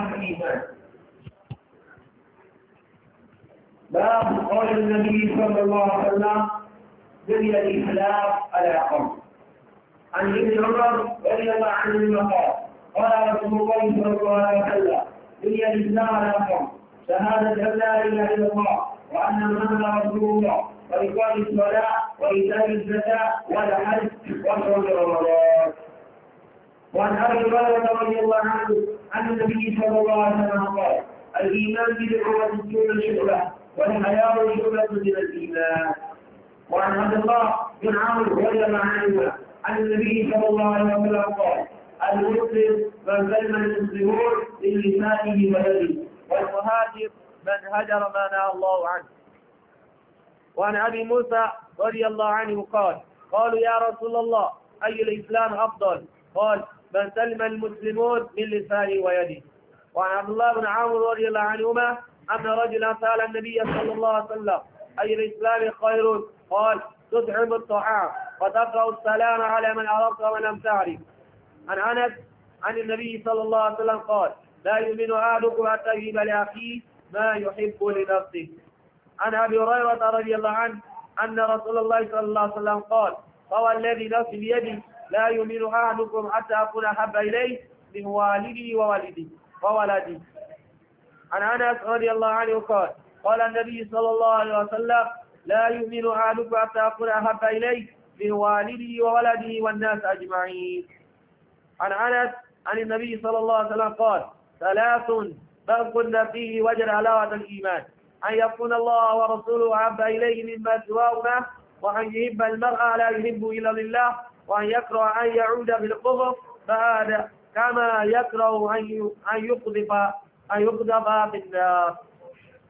أهل باب قول النبي صلى الله عليه وسلم بني الإسلام على قوم عن ابن عمر رضي الله عنهما قال قال رسول الله صلى الله عليه وسلم بني الإسلام على قوم شهادة أن لا إله إلا الله وأن محمدا رسول الله وإقام الصلاة وإيتاء الزكاة والحج وصوم رمضان وعن ابي هريره رضي الله عنه عن النبي صلى الله عليه وسلم قال الايمان بدعوه الدين شعبه والحياء شعبه من الايمان وعن عبد الله بن عمرو رضي الله عنه عن النبي صلى الله عليه وسلم قال المسلم من سلم المسلمون من لسانه والمهاجر من هجر ما نهى الله عنه وعن ابي موسى رضي الله عنه قال قالوا يا رسول الله اي الاسلام افضل قال من سلم المسلمون من لسانه ويده وعن عبد الله بن عمرو رضي الله عنهما أن رجلا سأل النبي صلى الله عليه وسلم أي الإسلام خير قال تطعم الطعام وتقرأ السلام على من عرفت ولم تعرف عن أنس عن النبي صلى الله عليه وسلم قال لا يؤمن أحدكم حتى يجيب لأخيه ما يحب لنفسه عن أبي هريرة رضي الله عنه أن رسول الله صلى الله عليه وسلم قال فوالذي نفسي بيدي لا يؤمن أحدكم حتى أكون أحب إليه من والدي ووالدي وولدي عن أنس رضي الله عنه قال قال النبي صلى الله عليه وسلم لا يؤمن أحدكم حتى أكون أحب إليه من والدي وولدي والناس أجمعين عن أنس عن النبي صلى الله عليه وسلم قال ثلاث من كنا فيه وجد علاوة الإيمان أن يكون الله ورسوله أحب إليه مما سواهما وأن يحب المرأة لا يهب إلا لله وأن يكره أن يعود بالقذف فهذا كما يكره أن أن يقذف أن يقذف بالنار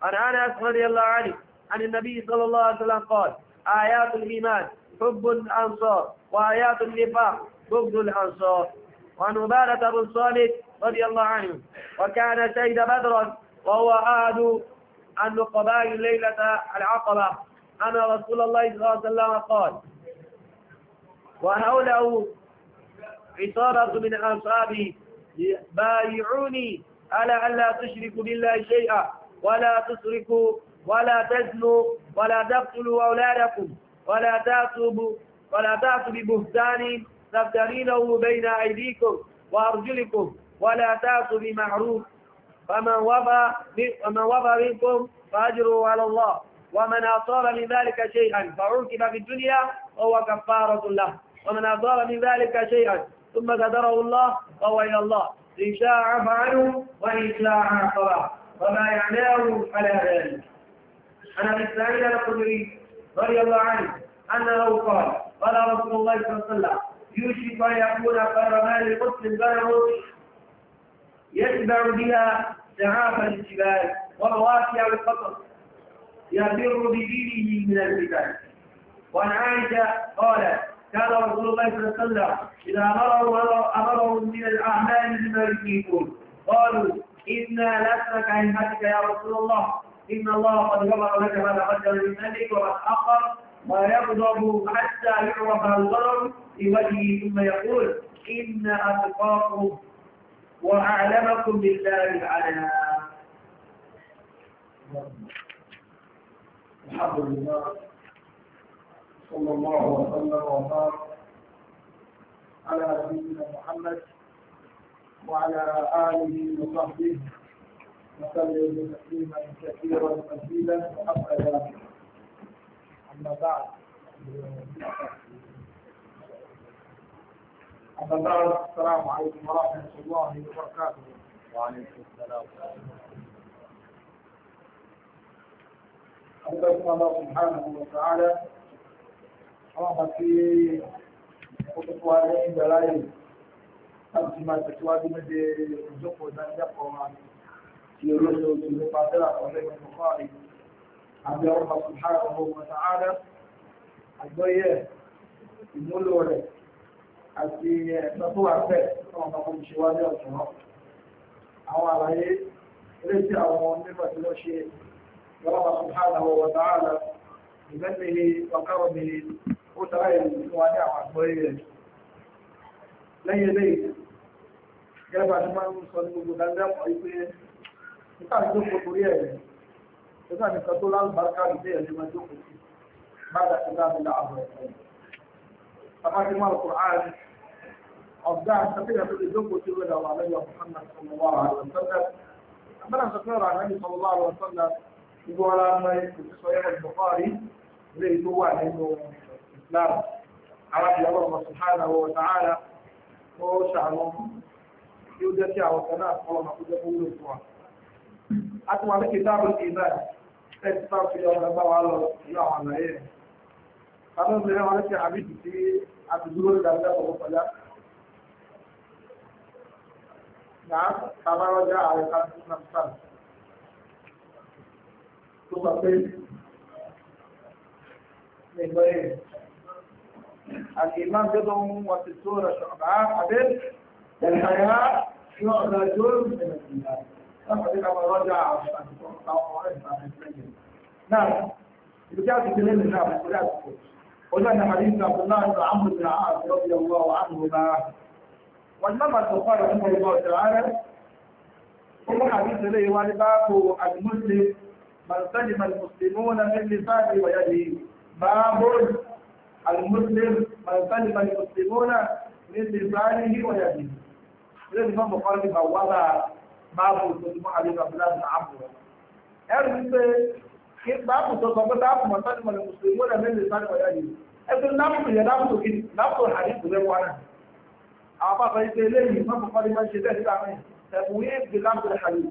عن أنس رضي الله عنه عن النبي صلى الله عليه وسلم قال آيات الإيمان حب الأنصار وآيات النفاق بغض الأنصار وعن عبادة بن صالح رضي الله عنه وكان شهد بدرا وهو أحد النقباء ليلة العقبة أن رسول الله صلى الله عليه وسلم قال وهوله عصارة من أصحابي بايعوني على أن لا تشركوا بالله شيئا ولا تسركوا ولا تزنوا ولا تقتلوا أولادكم ولا تعتبوا ولا تأتوا ببهتان تفترينه بين أيديكم وأرجلكم ولا تأتوا بمعروف فمن وفى فمن وفى منكم فأجره على الله ومن أصاب من ذلك شيئا فعوقب في الدنيا فهو كفارة له ومن أصاب من ذلك شيئا ثم قدره الله فهو إلى الله إن شاء عنه وإن شاء عاقبه وما يعناه على ذلك عن أبي سعيد الخدري رضي الله عنه أنه قال قال رسول الله صلى الله عليه وسلم يوشك أن يكون خير مال مسلم بنه يتبع بها سعاف الجبال ورواسي القطر يفر بدينه من الفتن وعن عائشة قالت كان رسول الله صلى الله عليه وسلم إذا أمره أمرهم من الأعمال بما يشركون قالوا إنا لسنك كلمتك يا رسول الله إن الله قد غفر لك ما تقدم من ذنبك وما تأخر ويغضب حتى يعرف الغضب لوجهه ثم يقول إن أتقاكم وأعلمكم بالله العلى الحمد لله صلى الله وسلم وبارك على نبينا محمد وعلى آله وصحبه وسلم تسليما كثيرا مزيدا وحتى أما بعد أما بعد السلام عليكم ورحمة الله وبركاته وعليكم السلام ورحمة الله سبحانه وتعالى àwọn àti ọkùnkùn wa ní ìgbàlá yìí láti fi máa tẹ̀síwájú méje ìjọpọ̀ ìdánilẹ́kọ̀ọ́ wa ti olóṣèlú oṣù nípa tẹ́lá ọ̀lẹ́ ìgbàlá yìí àbí ọ̀rọ̀ bàtú hàrà ọmọ ọ̀gbọ̀n ààrẹ àgbọ́yé ìmúlò rẹ̀ àti ẹ̀sọ́ tó wà bẹ́ẹ̀ fún ọmọ ọmọ ìṣèwádé ó tàbí ẹ̀rù fún wa ní àwọn àgbọ́rí rẹ̀ lẹ́yìn ilé gẹ́gbà tí máa ń sọ ní gbogbo dáńdápọ̀ wípé nípa ní jókòó torí ẹ̀rẹ̀ nípa nìkan tó lálùbáríkà lè bẹ́ẹ̀ lè máa jókòó sí bàdà tí láti la àbọ̀ ẹ̀kọ́ bàbá tí máa kọ̀ áàrẹ ọ̀gá àtàkìyà tó lè jókòó sí wẹ́dà wà lẹ́yìn ọ̀pọ̀lọpọ̀ sọ̀rọ̀ wà àwọn sọ́dọ̀ Islam àwọn ìyàwó ọmọ sùhánà wọ sàárà ó ṣàánú tí ó jẹ́ sí àwọn kan náà fọwọ́ máa kó jẹ́ fún lóòótọ́ wa. a ti wà ní kìtàbù ìlà ẹ̀ ti sáà fi ọmọ bá wa lọ ìlú àwọn àlàyé rẹ̀. kàdó ń bẹ̀rẹ̀ wọn ní kí àbíjì tí a ti dúró nígbà tí a kọ̀ kọjá. Nàá tàbárọ́jà ààrẹ kan tó nà sàn. Tó sọ pé ní ìgbọ́ yẹn. الإيمان بضع وستون شعبان عدل الحياة يعلى جرم من الإيمان فقد لما رجع نعم رجعت كلام النعم قلنا حديث عبد الله بن عمرو بن العاص رضي الله عنهما والمما البخاري رحمه الله تعالى هو حديث اليه والباب المسلم من سلم المسلمون من لسانه ويده باب المسلم من سلم المسلمون من لسانه ويده لذلك فهم قرن بوضع باب المسلم علي بن عبد الله ارث كيف باب المسلم باب من سلم المسلمون من لسانه ويده ارث النبض يا نبض كيف نبض الحديث غير وانا أبا قلت لي فهم قرن من شده الأمين تبويب بلغة الحديث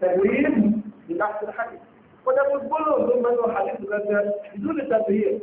تبويب بلغة الحديث وده مزبوط ضمن الحديث بدون تبويب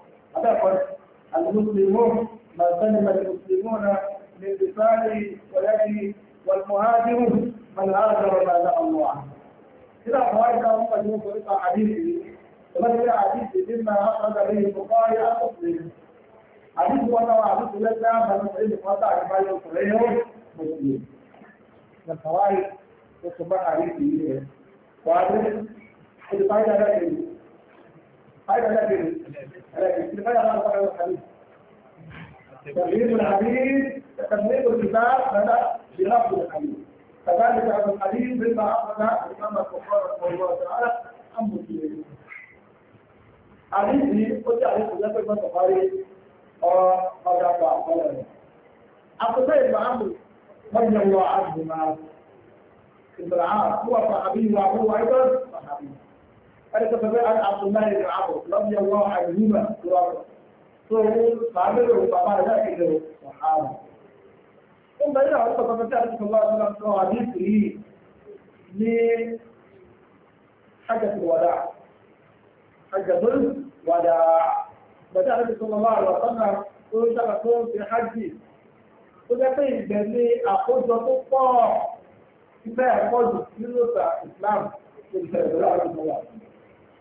هذا المسلمون ما سلم المسلمون من لسانه ويده والمهاجر من هاجر ما دعا الله إلى فوائد أمة من طريق حديثه ومثل حديث مما أخرج به البخاري عن مسلم حديث وأنا حديث لنا من مسلم قطع كما صغير مسلم من فوائد وصبح حديثه وعن حديث هذا لكن لكن لماذا لا نطبق الحديث؟ تغيير الحديث تسميه الكتاب هذا بلفظ الحديث كذلك هذا الحديث مما أخذ الإمام البخاري رحمه الله تعالى عن مسلم حديثي قلت حديث سنة البخاري قد أتى قلنا أقصى ابن عمرو رضي الله عنهما ابن العاص هو صحابي وهو أيضا صحابي أنا كنت عن عبد الله بن عمرو رضي الله عنهما وأرضاه فهو صابر وصابر لكنه صحابة ثم إلى أن تتفتح صلى الله عليه وسلم حديثه لحجة الوداع حجة الوداع بدأ النبي صلى الله عليه وسلم يقول وشغل في حجه وده في الجنة أخذ وتطاع كما يقول في الإسلام في الفرق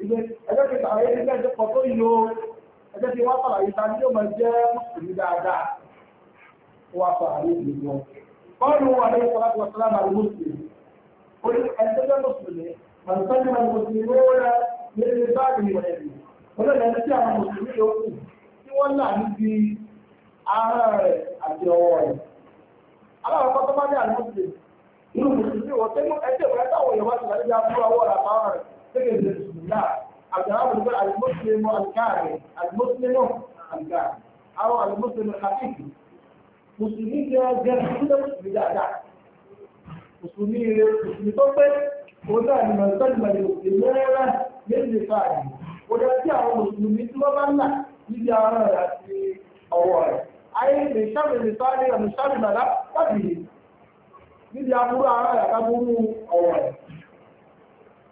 ẹgbẹ́ ti sàrẹ́ ilé ẹjọ́ pọ̀ tó yíò ẹgbẹ́ ti wá fàrà ìta ní yóò máa jẹ́ mùsùlùmí dáadáa wá fàrà ní ìlú wọn. bọ́ọ̀lù wà ní ìfọwọ́ tó sọ́lá máa ló mùsùlùmí ó ní ẹjọ́ jẹ́ mùsùlùmí màá sọ́jú máa mùsùlùmí ló rẹ̀ ní ilé báàgì ìwọ̀n ẹ̀dì olóòlù ẹni tí àwọn mùsùlùmí yóò kù tí wọ́n là ní bí ara rẹ̀ الله التعامل يقول المسلم الكامل المسلم الكامل أو المسلم الحقيقي مسلمين جاء جاء بدعة مسلمين مسلمين طبق وده من سلم المسلمين للنفاق وده جاء مسلمين طبقنا níbi ara rẹ̀ àti ọwọ́ rẹ̀. Ayé lè ṣàbẹ̀ lè sáré ọ̀nà ṣàbẹ̀ bàdá tàbí níbi aburú ara rẹ̀ àtàbúrú ọwọ́ rẹ̀.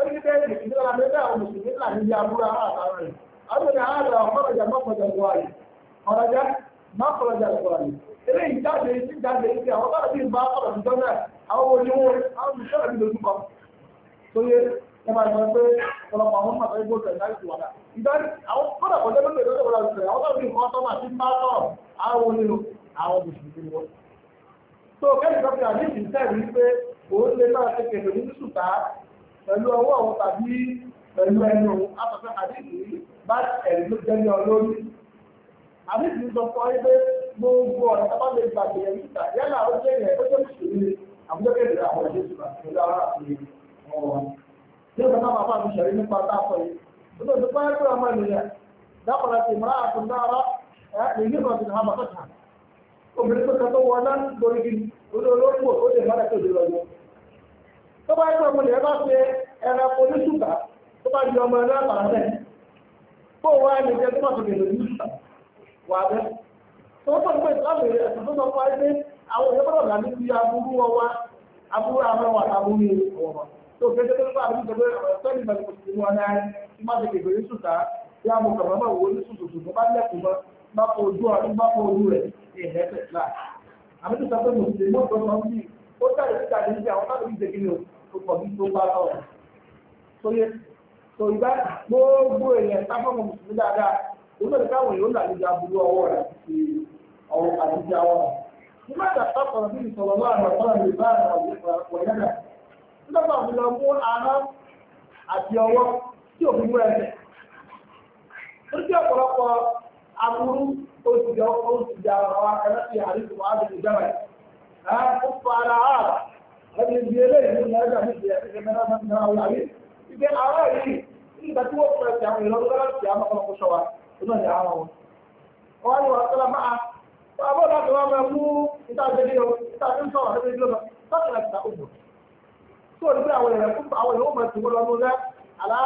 فكده يجب أن نبدأ المسلمين أن يجابوا هذا أبدا هذا خرج مخرج الغالي خرج مخرج الغالي إليه جاد يجب جاد يجب وقال في الباقرة في الجنة أو اليوم أو الشعب للمقام سوية كما يقول طلب هم فيقول كذلك ولا إذا أو قرأ ولا من يقول ولا يقول أو في خاطمة في الباقرة أو اليوم أو المسلمين تو كيف تبقى هذه الإنسان يقول لما تكفي من السلطات pẹ̀lú ọwọ́ òun tàbí pẹ̀lú ẹnu òun afẹ́fẹ́ àdéhùn yìí bá ẹ̀rí ló jẹ́ ní ọlórí. àdéhùn sọ fún ọ pé gbogbo ọ̀nà tó bá lè gbà bẹ̀rẹ̀ níta yálà ó jẹ́ ìyẹn tó jẹ́ mùsùlùmí àbújá kéde àwọn ọ̀dọ́ ìṣúná pẹ̀lú ara àti ọwọ́. tí ó sọ fún àwọn àmì nípa táàpọ̀ yìí ó lọ sí pé pé ọmọ ènìyàn dákọ̀lá ti mọ́ra àtúndára èyí lọ sí ìhàmà tó tà. obìnrin tó kẹtọ́ wọlé lórí olóòpó ó lè mọ́ra tó lè lọ́jọ́. tó bá yẹ ya yẹn bá ṣe ẹranko ní ṣùgbà tó bá di ọmọ ẹran àpàrà bẹ́ẹ̀ kó wá ẹni jẹ tó bá ṣe bèrè ní ṣùgbà wà bẹ́ tó tó gbé ìtọ́jú rẹ̀ ẹ̀sùn tó sọ fún ayé pé àwọn bọ́dọ̀ aburú wọn wá aburú àwọn tó fẹ́ jẹ́ náà tó pọ̀ bí tó bá lọ́wọ́. Sóyè tó ìgbà gbogbo èèyàn sáfọ́mù mùsùlùmí dáadáa olóòtú káwọn èèyàn làlejò aburú ọwọ́ rẹ̀ àti ọ̀rọ̀ àdúgbò àwọn rẹ̀. Nígbà tí a sọ̀rọ̀ bí ìsọ̀rọ̀ náà lọ sọ́rọ̀ lè bá ọ̀rẹ́ Nígbà tí lọ mú ara àti ọwọ́ tí òfin mú ẹsẹ̀. Ó jẹ́ ọ̀pọ̀lọpọ̀ aburú oṣù jẹ́ oṣù jẹ́ àwọn akẹ́lẹ́sì àríkùn àdìgbò jẹ́ rẹ̀. Ó fara ààrà ẹni ibi eléyìí ní ìlànà níbi ẹ̀ẹ́dẹ́gbẹ́ mẹ́ta náà wọ́n láyé ibi ara yìí nígbà tí wọ́n fẹ́ ti àwọn ìlọ́dún lọ́dún láti àwọn ọmọkùnrin sọ wa iná ní ara wọn. wọ́n á ní wàá sọ́la máa àbọ̀ láti wá máa mú ìta àjẹbí o ìta àjẹbí sọ̀rọ̀ àjẹbí lọ́nà sọ́kì láti ta òbò. tí o ní pé àwọn èèyàn fún àwọn èèyàn máa ti wọ́n lọ́nu rẹ̀ àlá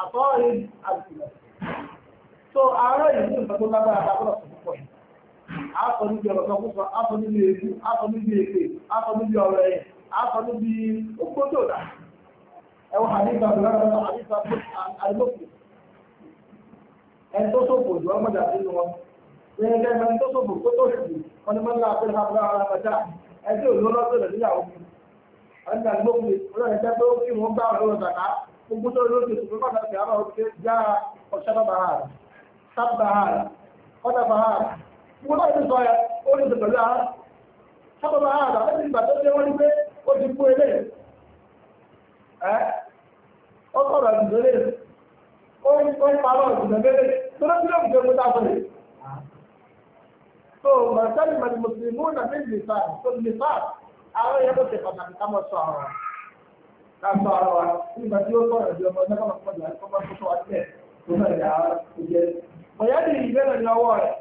àtọ́rin àdìsílẹ̀. so ara yìí ní nǹkan tó lágbára lágbára tó púpọ̀ yìí. a sọ níbi ọ̀rọ̀ kan kó sọ àtọ̀ níbi òkútótó rà ẹwọ àdìgbà tó lára lọ àdìgbà tó àdìgbòkè ẹni tó sòfò jù ọmọ jà sínú wọn lẹ́yìn kẹ́ ni wọ́n lá abẹ́rẹ́ abúlé ara pàjá ẹni tí òun lọ́dọ̀ rẹ̀ níyàwó mi ẹni tí àdìgbòkè ọlọ́run ẹ̀jẹ̀ pé ó kí wọn gbá ọ̀rọ̀ ọ̀dàká gbogbo tó lóṣù tó kọ́ta sí àwọn òkè já ọ̀ṣẹ́ bàbá rà sábà rà kọ́ta bàbá rà gbogbo náà ti sọ ẹ ó ti kú ilé ẹ́ ó kọ̀rọ̀ ìdílé ó ń tó ń parọ́ ìdílé tó ló kíló ìdílé kúta fún mi. tó mọ̀sálì mọ̀lì mùsùlùmí náà ní nìfà tó nìfà àwọn èèyàn tó ti pàtàkì ká mọ̀ sọ ọ̀rọ̀ ká sọ ọ̀rọ̀ wa nígbà tí ó sọ̀rọ̀ ìdílé ọmọ ẹgbẹ́ ọmọ ìgbà tó bá tó wá sílẹ̀ tó bẹ̀rẹ̀ yà á ìjẹ́. mọ̀yádì ìgbẹ́rẹ̀ ni ọwọ́ rẹ̀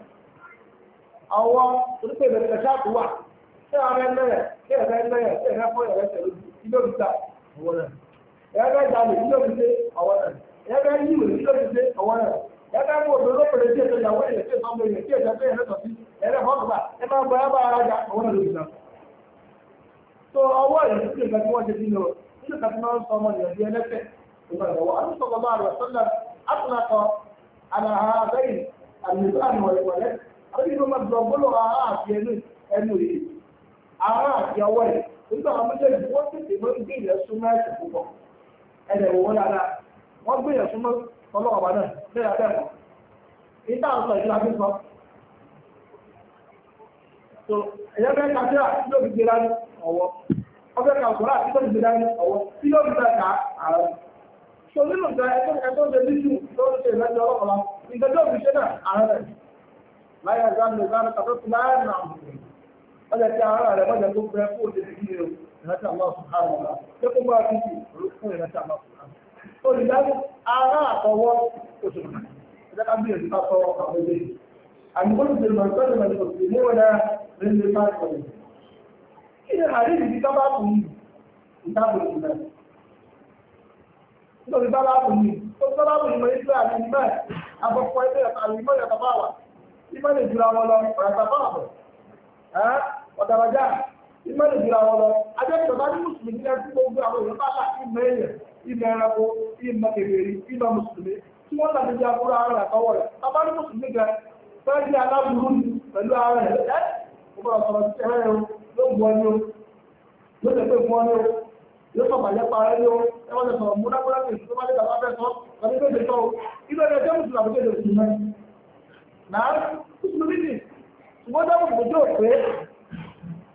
ọwọ́ onípẹ̀lẹ̀ kí ẹ̀fẹ́ gbẹ̀yẹ̀ kí ẹ̀fẹ́ fọ́ ẹ̀rẹ́ tẹ̀lé ilé òbí ta ọwọ́ náà ẹ̀fẹ́ jalè ilé òbí ṣe ọwọ́ náà ẹ̀fẹ́ yíwèé ilé òbí ṣe ọwọ́ náà ẹ̀fẹ́ mú obìnrin lópinrin tí ètò ìyàwó ẹ̀yẹ tí ètò ọmọ ẹ̀yẹ tí ètò ẹ̀fẹ́ ẹ̀rẹ́ tọ̀sí ẹ̀rẹ́ fọ́ọ̀tùbà ẹ máa gbọ́ ẹ̀bá ara ja ọwọ́ náà lóbi náà. tó ọwọ́ rẹ̀ sí ìgbà tí wọ́n ṣe nínú nínú kàtí máa ń sọ ọmọ ìyàbí ẹlẹ́fẹ̀ ìgbàlọ́wọ́ àtúntò bàbá rẹ̀ sọ́nà àtúnakọ ará àti ọwọ́ ẹ̀ nígbà àwọn méjèèjì wọ́n tètè mọ́ gbé ilẹ̀ súnmọ́ ẹ̀sìn púpọ̀ ẹ̀dẹ̀ wọ́n dáadáa wọ́n gbé ilẹ̀ súnmọ́ ọlọ́wọ́ bá náà abẹ́ ìta fi sọ. tó ẹ̀yẹ́ bẹ́ẹ̀ ló fi gbé dání ọbẹ̀ ló fi gbé dání tí ló fi ká tó nínú ìgbà ṣe ọjọ́ tí ara rẹ̀ mọ́jọ tó bẹ̀rẹ̀ fún òde sí ilé ìrántí àwọn ọ̀sùnkára ọ̀la tó kó bá fi fún ìrántí àwọn ọ̀sùnkára. olùdarí ara àtọwọ́ oṣù ìjọba ká bíyànjú ká tọ àwọn ilé àgbẹ̀kọ́lù ti lọ sọ́dọ̀ lọ sí ilé wọlé rẹ̀ bá sọ̀rọ̀. kí ni àrídì ti tọ́ba kù yìí ìtàbù ìgbà nítorí tọ́ba kù yìí tó tọ́ba kù yìí mọ̀ nígbà àti ìgbà àbọ̀pọ̀ ẹgbẹ́ àti bá wà ìmọ̀ lè jura wọn lọ ràtà ọ̀dàràjà ìmọ̀lẹ̀ ìlú àwọn lọ adẹ́kọ̀ọ́ bá ní mùsùlùmí ní ẹgbẹ́ gbogbo àwọn èèyàn bá là ìmọ̀ èèyàn ìmọ̀ ẹranko ìmọ̀ kèbèrè ìmọ̀ mùsùlùmí tí wọ́n làdí di aburú ara rẹ̀ tọwọ́ rẹ̀ bàbá ní mùsùlùmí gan fẹ́ di aláburú pẹ̀lú ara rẹ̀ ẹ́ mo gbọ́dọ̀ sọ̀rọ̀ sí ẹ̀rẹ́ o ló bu ọni o ló lè pé bu ọni o yóò sọ bàjẹ́ parẹ́ ní o ẹ wọ́n ti sọ̀rọ̀ múnámúná ní ìṣúná bá dé bàbá fẹ́ sọ ọdún tó lè sọ o ilé ẹjọ́ mùsùlùmí àbúkẹ́ lè sùn náà mùsùlùmí ni ṣùgbọ́n dáhùn kò tó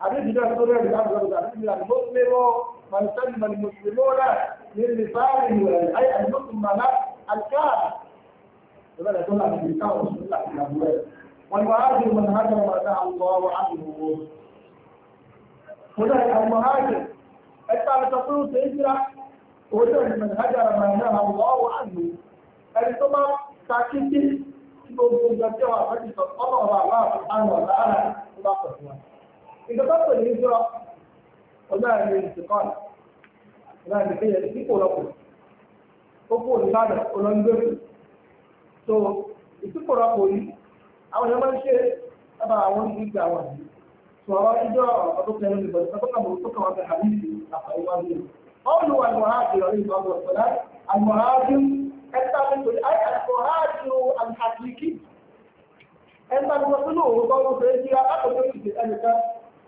حديث جاء سوريا بالعبد والعبد المسلم من سلم المسلمون من لسانه والهيئة المسلمة الكافر لماذا يقول لك الكافر رسول الله في الأبواب والمهاجر من هاجر ما دعا الله عنه هناك المهاجر أنت على تقول تهجرة وجه من هجر ما نهى الله عنه ẹnitọ́ba takíkí tí gbogbo ìgbà tí wà fẹ́ ti sọ ọ́nà ọ̀la aláàfin àná ọ̀la àná tó bá pẹ̀lú wa ìjọba pè ní ìjọ ọ̀nà ẹ̀mí ìsìnkọ́nà ọ̀nà ẹ̀mí kéye tí kò lọ́kùn ó kú olùbàdàn olóńgbèrè tó ìtúkọ̀rọ̀pọ̀ yìí àwọn èèyàn máa ń ṣe sábà àwọn ìgbà àwọn àti sọ̀rọ̀ ìjọ ọ̀pọ̀ tó kẹrin ìbọn ìsọ̀kọ̀kọ̀ mọ̀ tó kàwọn fẹ́ àbíyí àfàìwájú ọ̀lù àlùmọ̀háàdì ọ̀rẹ́ ìbọn bọ̀ sọ̀lá àlùmọ̀háàdì ẹ̀ta nítorí àlùmọ̀háàdì àlùhàkìkì ẹ̀ta nítorí òun bọ́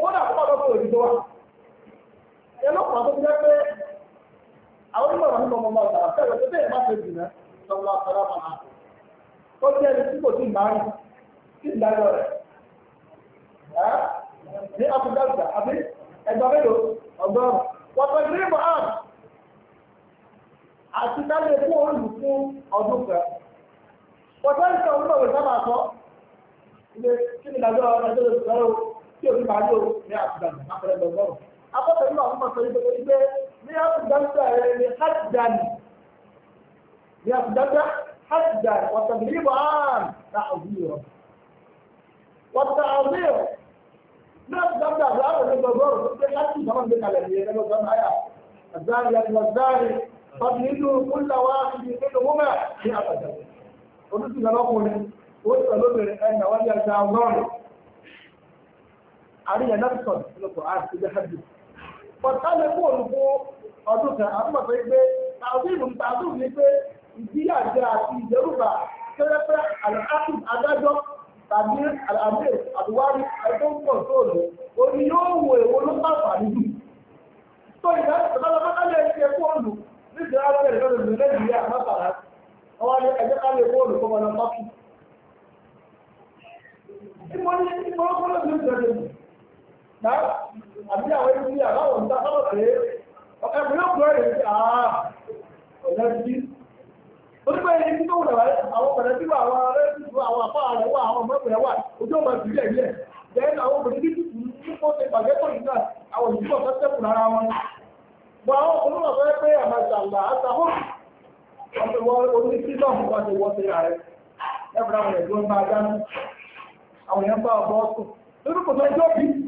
tó na àkọ́kọ́ lọ́dọ̀ òbí tó wà. ẹ lọ́kùnrin tó jẹ́ pé àwọn onímọ̀ ọ̀rọ̀ nípa ọmọ ọ̀tà àfẹ́rẹ́ tó bẹ́ẹ̀ má ṣe jù náà lọ́wọ́ àfẹ́rẹ́ máa tó jẹ́ ẹni tí kò tí ì máa tí rẹ̀ ní àbí ẹgbẹ́ mélòó wọ́pẹ́ ní ìmọ̀ àn àti dálé fún fún ọdún kan. wọ́pẹ́ ní sọ̀rọ̀ tí òbí máa yóò ní àfúgàn àpẹẹrẹ lọ́gọ́rùn. Akọ́tẹ̀ náà wọ́n máa sọ yìí pé pé ní àfúgàn tó ẹ̀rẹ́ ní hajjan ní àfúgàn tó hajjan wàtàbílì bọ́án ta àwùjọ. Wàtà àwùjọ ní àfúgàn tó àbúrò àpẹẹrẹ lọ́gọ́rùn tó pé láti ìgbà máa ń gbé kalẹ̀ ní ẹgbẹ́ lọ́gọ́rùn náà Azari àti Wazari, Fadlidu, Kulla wa Fidi, Nínú Múmà ní àfúgàn. Olùsìn lọ́kùnrin, ó sọ lóbìnrin ẹ̀yà wájú àti àwọn ọ̀rọ̀ àríyàn náà sọ̀rọ̀ nínú kò áàtì ilé hajj pọ̀tá lè mú olùkó ọdún kan àtúmọ̀ pé pé tàbíìlù tàbíìlù ni pé ìdíyàjẹ àti ìdẹ́rùbà pẹ́rẹ́pẹ́ àlàáfíì adájọ́ tàbí àmì àdúwárí ẹgbẹ́ pọ̀ tó lọ orí yóò wo èwo ló bá fà nínú tó ìdá ìdọ́lọ́pátá lè ṣe fóònù nígbà ábẹ́rẹ́ lọ́dọ̀ lórí nàìjíríà mọ́tàlá ọwọ́ ni ẹgbẹ́ ká lè fóònù kọ́mọ lọ tọ́kì. ìmọ̀ ní ìmọ̀ ọkọ̀ na. àbí àwọn ẹni a àbáwọ̀ ń pé yóò gbọ́ tó àwọn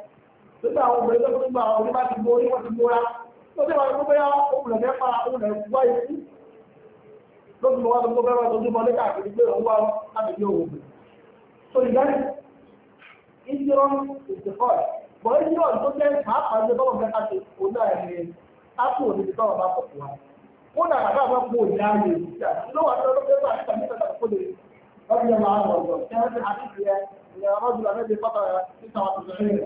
nígbà àwọn obìnrin tó ń àwọn oníbá ti borí wọn ti bóra ló dé wọn gbogbo yá òun lẹ̀ fẹ́ òun wá ikú lóṣù wọn gbogbo bẹ́ẹ̀ tó dúpọ̀ ní káàkiri pé òun wá láti ní òun so ìdáni ìdíran ìdíkọ́ bọ̀ ìdíran tó jẹ́ pàápàá ní bọ́ọ̀ mẹ́ta ti òun náà ápù òní ti tọ́wọ́ bá pọ̀ fún wa wọn náà kàkà wọn kú òyìn ààyè ìdíjà lọ́wọ́ àti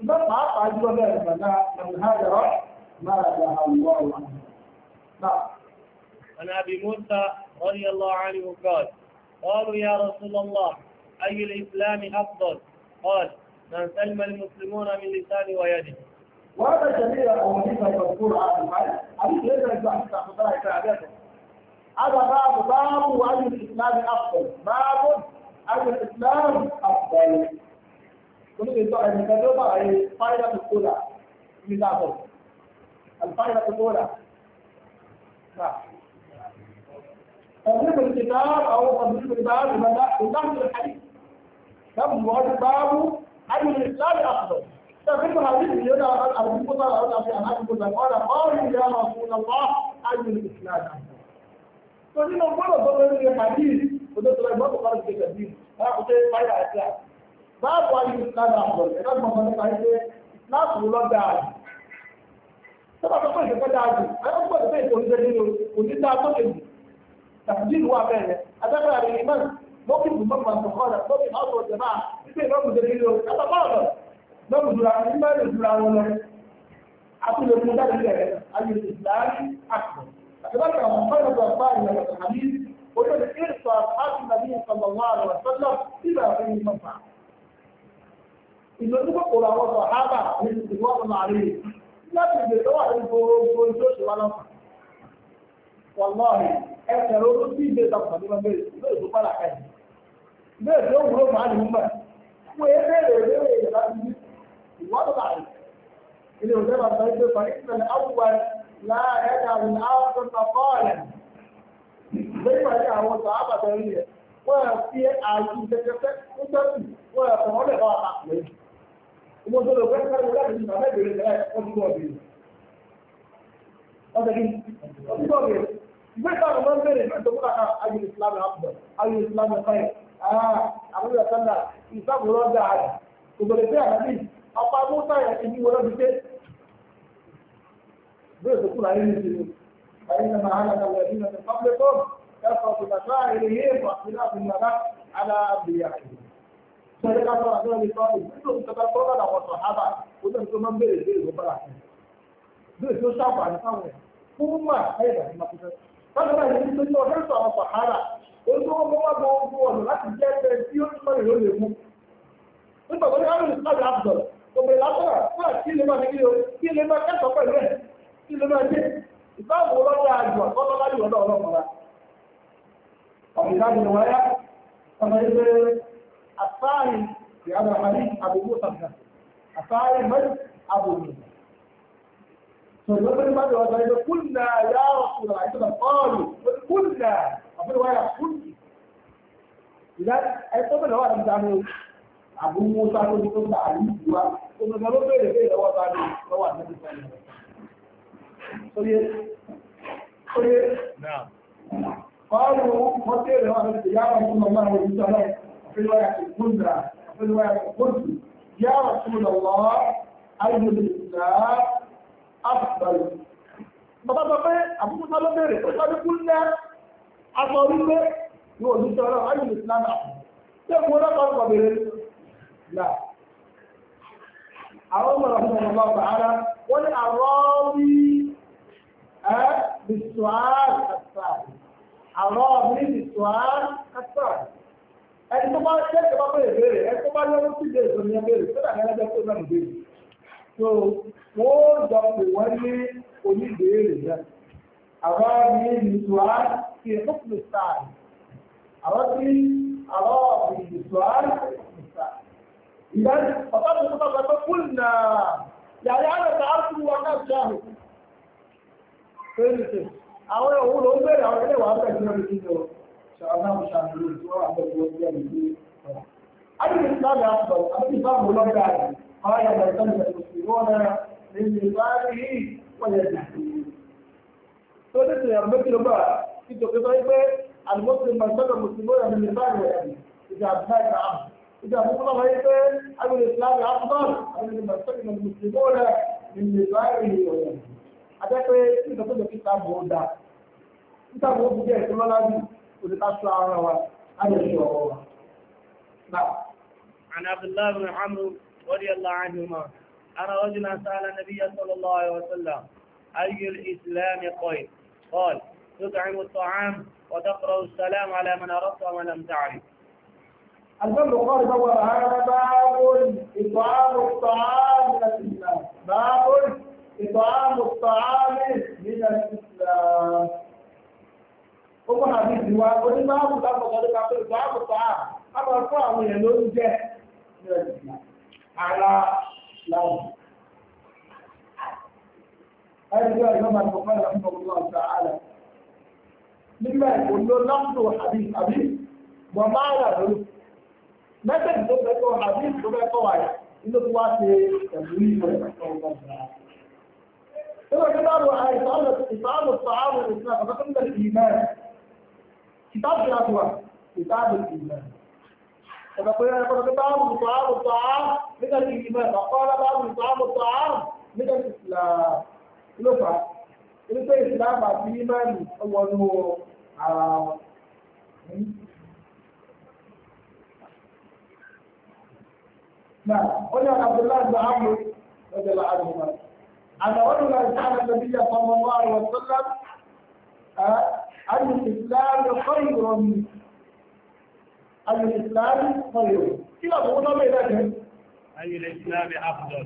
ṣùgbọ́n نعم. عن أبي موسى رضي الله عنه قال قالوا يا رسول الله أي الإسلام أفضل قال من سلم المسلمون من لسانه ويده وهذا جميع الأوانيس المذكورة على الحال أبي ليس هذا باب باب وأي الإسلام أفضل باب أي الإسلام أفضل oníṣètò ẹnìkan ló bá àyè fáyà tó kódà ní sáàbọ̀ àlùfáyà tó kódà náà. تضريب الكتاب أو تضريب الباب من نحو الحديث لم الباب أي الإسلام أفضل ففي الحديث يدعى أبو بكر أو أبي أحد بكر قال قالوا يا رسول الله أي الإسلام أفضل فإن الله ضرب الحديث وده تلاقي ما تقارن بالتدين لا أقول فايدة إسلام n'a ayé ìsìlámù àbọ̀ ẹ̀rọ gbọ̀ngàn nípa ẹgbẹ́ láàbù lọ́dà àjù sábà tó pé ìṣẹ̀kọ́ dáa jù àwọn tó pé ìṣẹ̀kọ́ oníṣẹ́ nínú onídàá tó lè jù tàbí ìlú abẹ́rẹ́ adágbára rẹ̀ ní lókè máa lọ fún rẹ̀ ayé àwọn ojú àti lọ́wọ́ ìlójúkòkòrò àwọn sọ̀hábà ní ìwọ́n máa rí láti ìgbè tó wà ní gbogbo tí ó ṣe wá lọ́pàá. Wọ̀lọ́ọ̀rì ẹsẹ̀ ronú sí ìgbè ìtàkùn àti ọmọ bẹ́ẹ̀ lórí tó pàdà káyì. Bẹ́ẹ̀ tí ó wúlò máa ní mọ̀. Mo yẹ bẹ́ẹ̀rẹ̀ léèrè ìyàrá ti ní ìwọ́n máa rí. Ilé òṣèlú máa sọ pé pàdé ìpínlẹ̀ Awùwà láàárẹ̀ àwọn àwọn ọ̀pọ̀lẹ̀. Lẹ́yìn pàdé àwọn sọ̀hábà tẹ̀lé rẹ̀, wọ́n fi ààyè ìjẹjẹfẹ́ ń tẹ́sì, wọ́n ẹ̀kọ́ wọn lè mo tó lọ pé kárí mo láti ní bàbá ìbéèrè tẹ́lẹ̀ wọ́n ti bọ̀ béèrè. wọ́n tẹ́lẹ̀ wọ́n ti bọ̀ béèrè. ìgbé táwọn máa ń béèrè náà tó kọ́ra ayé islam àbùdọ̀ ayé islam fáyẹ̀ àwọn ìyá sanda ìsàmù lọ́dà àdì ògbèrè pé àdàbí ọ̀pá mọ́tà ìyí wọlé fi dé. bẹ́ẹ̀ tó kúrò ayé ní ìṣèlú ayé ní màá hàn àwọn ẹ̀dínlẹ̀ ní pàmílẹ́tọ̀ kẹfà òkúta sáà ilé yé wà sí láti nàrà alá àbíyá yìí. Sẹ́dẹ́ ká sọ́ra sọ́ra ní sọ́ọ̀lì, nítorí òun tẹ́tà tọ́lá làwọn sọ̀ hábà, ó lè tó máa ń béèrè béèrè ló bára fún. Béèrè tó ṣàpà ní fáwọn ẹ̀. Fún mà ẹ̀yẹ̀ dàbí máa kúṣẹ́. Bákan náà yìí tó ń tọ́ fẹ́sọ̀ àwọn sọ̀ hábà, ó tó wọ́n wá gbọ́ ogun ọ̀nà láti jẹ́ ẹgbẹ́ tí ó túmọ̀ ìlú lè mú. Nígbà tó ní Arúgbó Sábì Abdul, òbí lásọ̀rọ̀ fún àti ilé máa ní kí ilé máa kẹ́sọ̀ pẹ̀lú ẹ̀, kí ilé máa jẹ́. Ìbáwo lọ́dọ̀ àjọ àkọ́kọ́ láyé ọ̀dọ̀ ọlọ́mọba. Ọ̀gbìn الثاني في هذا الحديث أبو موسى نفسه الثاني من أبو موسى فالنبي بعد ذلك قلنا يا رسول الله عندما قالوا قلنا أبو رواية قلت إذا أي طب اللي هو أنا بتعمل أبو موسى كنت كنت عليه وقلنا ما بيري بيري هو تعمل هو النبي صلى الله عليه وسلم قلت نعم قالوا ما بيري هو يا رسول الله عليه وسلم في رواية الكندرة في رواية القدس يا رسول الله أي الإسلام أفضل bàbá sọ pé àbúkúta ló bèèrè tó sọ wípé ńlẹ́ aṣọ wípé ní òdúṣọ́ ọ̀rọ̀ ayé ìsìlámà tí èkó lọ́pọ̀ ọ̀pọ̀ bèèrè là àwọn ọmọ ọ̀rọ̀ ọmọ ọmọ ọba ara wọ́n ní àrọ́ọ̀bí ẹ́ bìtùwárì kàtàrì àrọ́ọ̀bí bìtùwárì kàtàrì ẹni tó bá tẹ́lẹ̀ bá bẹ̀rẹ̀ bẹ̀rẹ̀ ẹni tó bá lọ́wọ́ sí ilé ìsọ̀rọ̀ yẹn bẹ̀rẹ̀ sọ́dà ní ẹlẹ́jọ́ tó náà bẹ̀rẹ̀ so wọ́n jọ pé wọ́n ní oníbèrè náà àwọn ní ìtura ti ẹ̀kọ́ fún ìsáà àwọn tí àwọn ọ̀gbìn ìtura ti ẹ̀kọ́ fún ìsáà ìgbà ọ̀tá tó tó bá fún náà yàrá rẹ̀ ta á fún wọn náà jáde àwọn òun ń bẹ̀rẹ̀ àwọn ilé ìwà bẹ̀rẹ̀ شعبنا وشعبنا وشعبنا وشعبنا الإسلام أفضل الإسلام لك قال بل المسلمون من لسانه ويجهله فلسه يرمكن بقى انت كده المسلم من سبب المسلمون من لسانه ويجهله إذا أبناك عبد إذا مطلب هيبقى أبو الإسلام أفضل أبو من سبب المسلمون من لسانه ويجهله أتاك إذا كنت كتاب هودا كتاب هودا كتاب هودا نعم عن عبد الله بن عمرو رضي الله عنهما أن رجلا سأل النبي صلى الله عليه وسلم أي الإسلام خير؟ قال تطعم الطعام وتقرأ السلام على من أردت ومن لم تعرف الباب قال هو هذا máa fún àwọn èèyàn ló jẹ́ ara láwùjọ. Ẹgbẹ́ ẹ̀yọ́ máa tó fẹ́ lọ́nà ọ̀gbọ́n ọ̀sán àlà. Nígbà ìpolówó lọ́pọ̀ àbí àbí wọ́n máa rà lórí. Mẹ́tẹ̀ẹ̀dì tó fẹ́ kọ́ àbí tó fẹ́ kọ́ wáyé nínú tó wá ṣe ẹ̀bùrú ìwọ̀n ẹ̀kọ́ ọgbọ̀n náà. Ìwọ̀n ìgbàlù àìsàn ìsàlù sàárù ìsìnà kọ̀ọ̀kan ìmẹ́rin. Kìtàbù كما قلنا نقول بعض الطعام الطعام من الإيمان وقال بعض الطعام الطعام من الإسلام لفع إذا الإسلام في إيمان حرام نعم قلنا عبد الله بن عمرو رضي الله عنهما أن رجلا سأل النبي صلى الله عليه وسلم أن الإسلام خير ayòlè ìsìláàmì ọ̀yọ̀ kí lọ́pọ̀ lọ́mọ ìdájẹ́ ayòlè ìsìláàmì afdal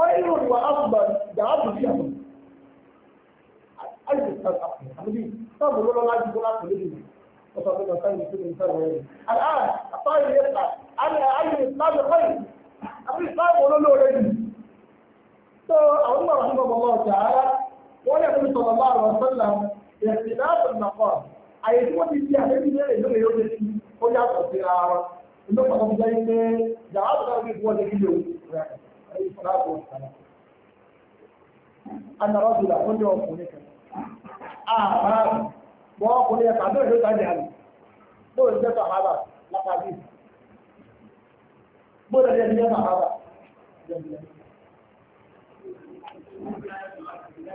ọ̀yọ̀ ìwà afdal ìdáàbò sí àwọn ayòlè ìsìláàmì afdal àmì sáàbò lọ́lọ́ láti gbọ́ láti lójú ọ̀sán tó kàn sáyẹn sílẹ̀ ìfẹ́ rẹ̀ àlàáhà àtọ́yẹ yẹta ayòlè ìsìláàmì ọ̀yọ̀ àbí ìsìláàmì olólóore yìí tó àwọn ọmọ àwọn ọmọ ọmọ ọjà ara wọ́n yẹ kó sọ̀rọ̀ bá àwọn sọ́lá ìrẹsì náà àyè tí wọ́n ti di àlébí lẹ́rẹ̀ lórí yóò lè fi ó yàtọ̀ sí ara wọn inú pàtó fi jẹ́ pé yàrá tó dára bí wọ́n lè kílè òun rẹ̀ ẹ̀yìn ìfọ̀rọ̀ àbọ̀ ìsàlà. anàrọ̀ tó dà ó ní ọkùnrin kan. àbá wọn ọkùnrin yẹn kàdé ìlú ìtajà rẹ̀ bóyá ìjẹ́ tó àbá lápàdé bóyá ìjẹ́ ìjẹ́ tó àbá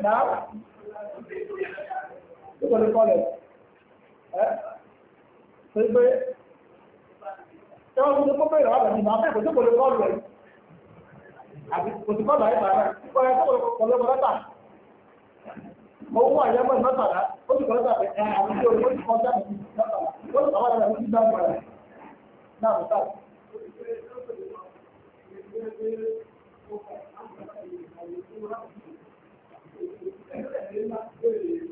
Now, look at the college ṣe ẹwọ́n tó kó bẹ̀rẹ̀ wà ní ìmọ̀ afẹ́ ìkòtò kòlè rẹ̀ àti kòtò kọ́ọ̀lù rẹ̀ bàrà kíkọ́ ẹ̀ kọ́ọ̀lù kọ́ọ̀lù kọ́ọ̀lù mo wú ó sì kọ́ọ̀lù tàbí ẹ̀ àti tí Thank you.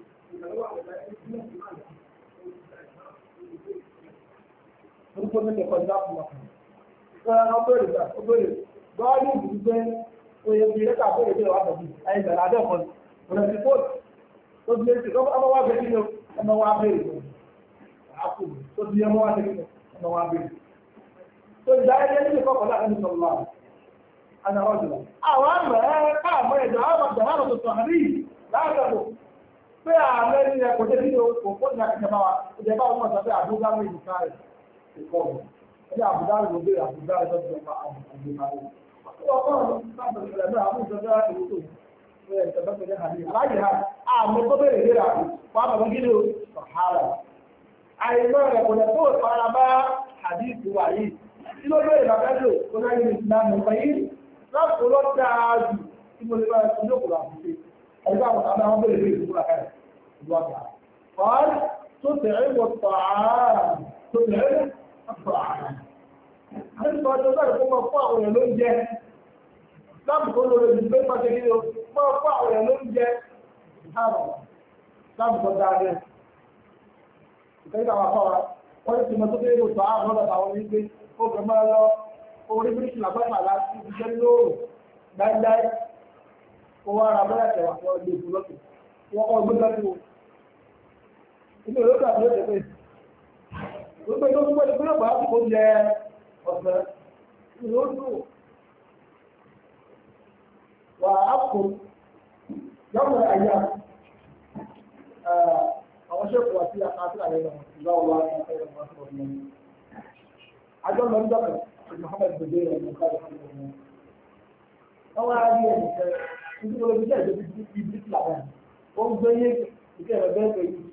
orúkọ mi lè kọjá fún wa. Ìgbà náà bẹ̀rẹ̀ gbà ó bẹ̀rẹ̀ gbọ́dọ̀ ní ìdílé pé oyè bíi lẹ́tà bẹ̀rẹ̀ bẹ̀rẹ̀ wà tọ̀bí ayé bẹ̀rẹ̀ adé ọ̀kan ọ̀nà ti fóòtù tó ti létí ọmọ wa bẹ̀rẹ̀ nínú ọmọ wa bẹ̀rẹ̀ àkù tó ti ọmọ wa bẹ̀rẹ̀ ọmọ wa bẹ̀rẹ̀. Tó ìgbà ayé ní ìkọkọ̀ náà ẹni sọ̀rọ̀ láàrú. Àná ọ̀dùnà. Àwọn àmọ̀ ẹ̀ káàmọ̀ ẹ̀dọ̀ àwọn àjàmọ́ tó sọ̀rọ̀ àwọn ìjọba rẹ̀ ìkọ́ ọ̀hún. Ní àbúdá ló bèrè àbúdá ẹjọ́ ti ọba àbùkù máa wò. Wọ́n kọ́ ọ̀rọ̀ nípa ìṣẹ̀lẹ̀ náà àbúrò ìjọba èyí tó bẹ̀rẹ̀ ìtẹ̀bẹ́sẹ̀lẹ̀ hàn ní láyé ha àmọ́ tó bèrè ìlera àbí wàá bàbá gíní o sàhálà. Àìmọ́ rẹ̀ kò lè tó ìfara bá àdìsí wà yìí. Tí ló bèrè bàbá lò ó náà yìí nà mọ̀ pé yìí láti lọ dáa jù tí mo lè bá ẹ̀sùn yóò kúrò àbúté. Ẹgbẹ́ àwọn sábà wọn bèrè ìlú ìlú àkàrẹ̀ ìlú àkàrẹ̀. Fọ́ọ̀lù tó tẹ̀lé wọ Àríṣọ́ ọjọ́ bẹ̀rẹ̀ fún ọ̀pọ̀ àwọn èèyàn ló ń jẹ. Láàbù tó lórí ìlú pé pàṣẹ kí ló mọ́ ọ̀pọ̀ àwọn èèyàn ló ń jẹ. Láàbù tó dáa rẹ̀. Ìtẹ́jú àwọn afọ́ wa, wọ́n ti mọ tó dé ìlú tọ́ àwọn ọ̀dọ̀ àwọn wípé ó gbẹ mọ́ lọ orí bíríṣì làbẹ́fà láti iṣẹ́ lóòrò dáadáa. Ó wá ara bẹ́rẹ̀ tẹ̀wà fún ọdún ìfúnlọ́tò. Wọ́n kọ́ gbé lọ́tò. Inú ìlú gbogbo ìlú gbogbo ìlú gbogbo àsìkò jẹ ọ̀sẹ̀ ìlú dùn wà á kò àyà àwọn ṣẹ́kù àti àti àlẹ́ náà ìlú àwọn àti àti àti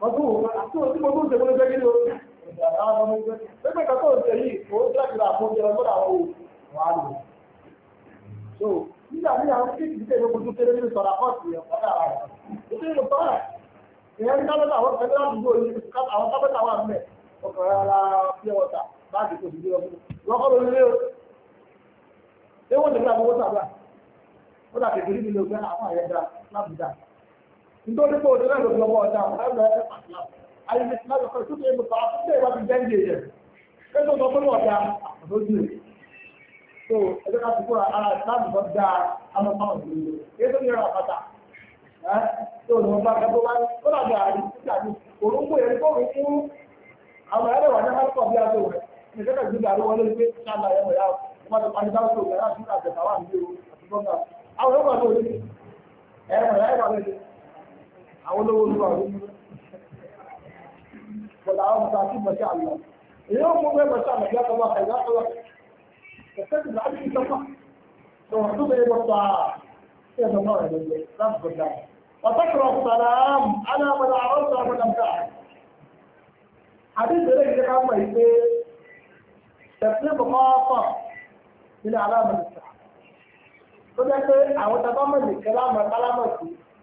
ọdún òun àti òsì gbogbo òṣèlú ló fẹ́ kí ló àwọn ọmọ ẹgbẹ́ pẹ́pẹ́ kọ́kọ́ òṣèlú yìí kò ó jáde rà fún ìjọba lọ́dà àwọn òun wà lò. so nígbà tí àwọn kéèkì tẹ̀ ló kojú kéré nínú sọ̀rọ̀ àkọ́ọ̀tì ọ̀pọ̀lọpọ̀ ara rẹ̀ ètò ìlú tọ́lá ìyẹn ní kábẹ́tà àwọn kẹ́kẹ́ àdúgbò yìí àwọn kábẹ́tà wà mẹ́ ọkọ̀ ara pure water báàgì tó dìde ọdún lọ́kọ́ lórí lé o ewu nígbà tó wọ́n sábà ó dà kékeré nílé ọgbẹ́ àwọn àyẹ̀dá lábùdá nítorí pé òṣèlú ẹ̀rọ ìjọba ọ̀tá ọ̀rọ̀ ayélujára kọ̀ tó ṣe ìbùkọ̀ àkókò ìwà ti jẹ́ ìdíje pé tó sọ fún ọ̀tá àtọ́jú rẹ̀ tó ẹjọ́ ká tukúra ara ìsìláàmù tó dáa amọ̀páwọn ìlú yìí tó ní ẹ̀rọ àpáta tó ní wọn bá gbogbo wá ó dàbí àrí títà ní òrùngbò yẹn tó rùn fún àwọn ẹ̀rọ wà ní akọ̀ bí aṣọ rẹ̀ nìkẹ́kẹ́ gbígbà àríwọ̀ lórí pé ṣáàlà ẹ̀rọ yà wọ́n ti parí dáwọ́ tó rẹ̀ láti ní àjẹ̀tà wà ní ẹ̀rọ àti àwọn olówó olúwa ọdún mú pẹ̀lú àwọn ọmọ àti ìmọ̀sí àlọ́ èyí ó mú bẹ́ẹ̀ mọ̀sí àlọ́ ìyàtọ̀ wà ìyàtọ̀ wà kẹ̀kẹ́ ti láti fi sọ́kà sọ̀rọ̀ tó bẹ̀rẹ̀ bọ̀ pa ṣé ẹ̀dọ̀ mọ́ rẹ̀ lọ́jọ́ láti gbọ̀dá وتكره السلام على من عرفت ومن لم تعرف حديث ذلك اللي كان مهيبه تسليم خاصة من علامة السحر. فده àwọn tàbá mọ̀ ní kẹlá mọ̀ kálámọ̀ sí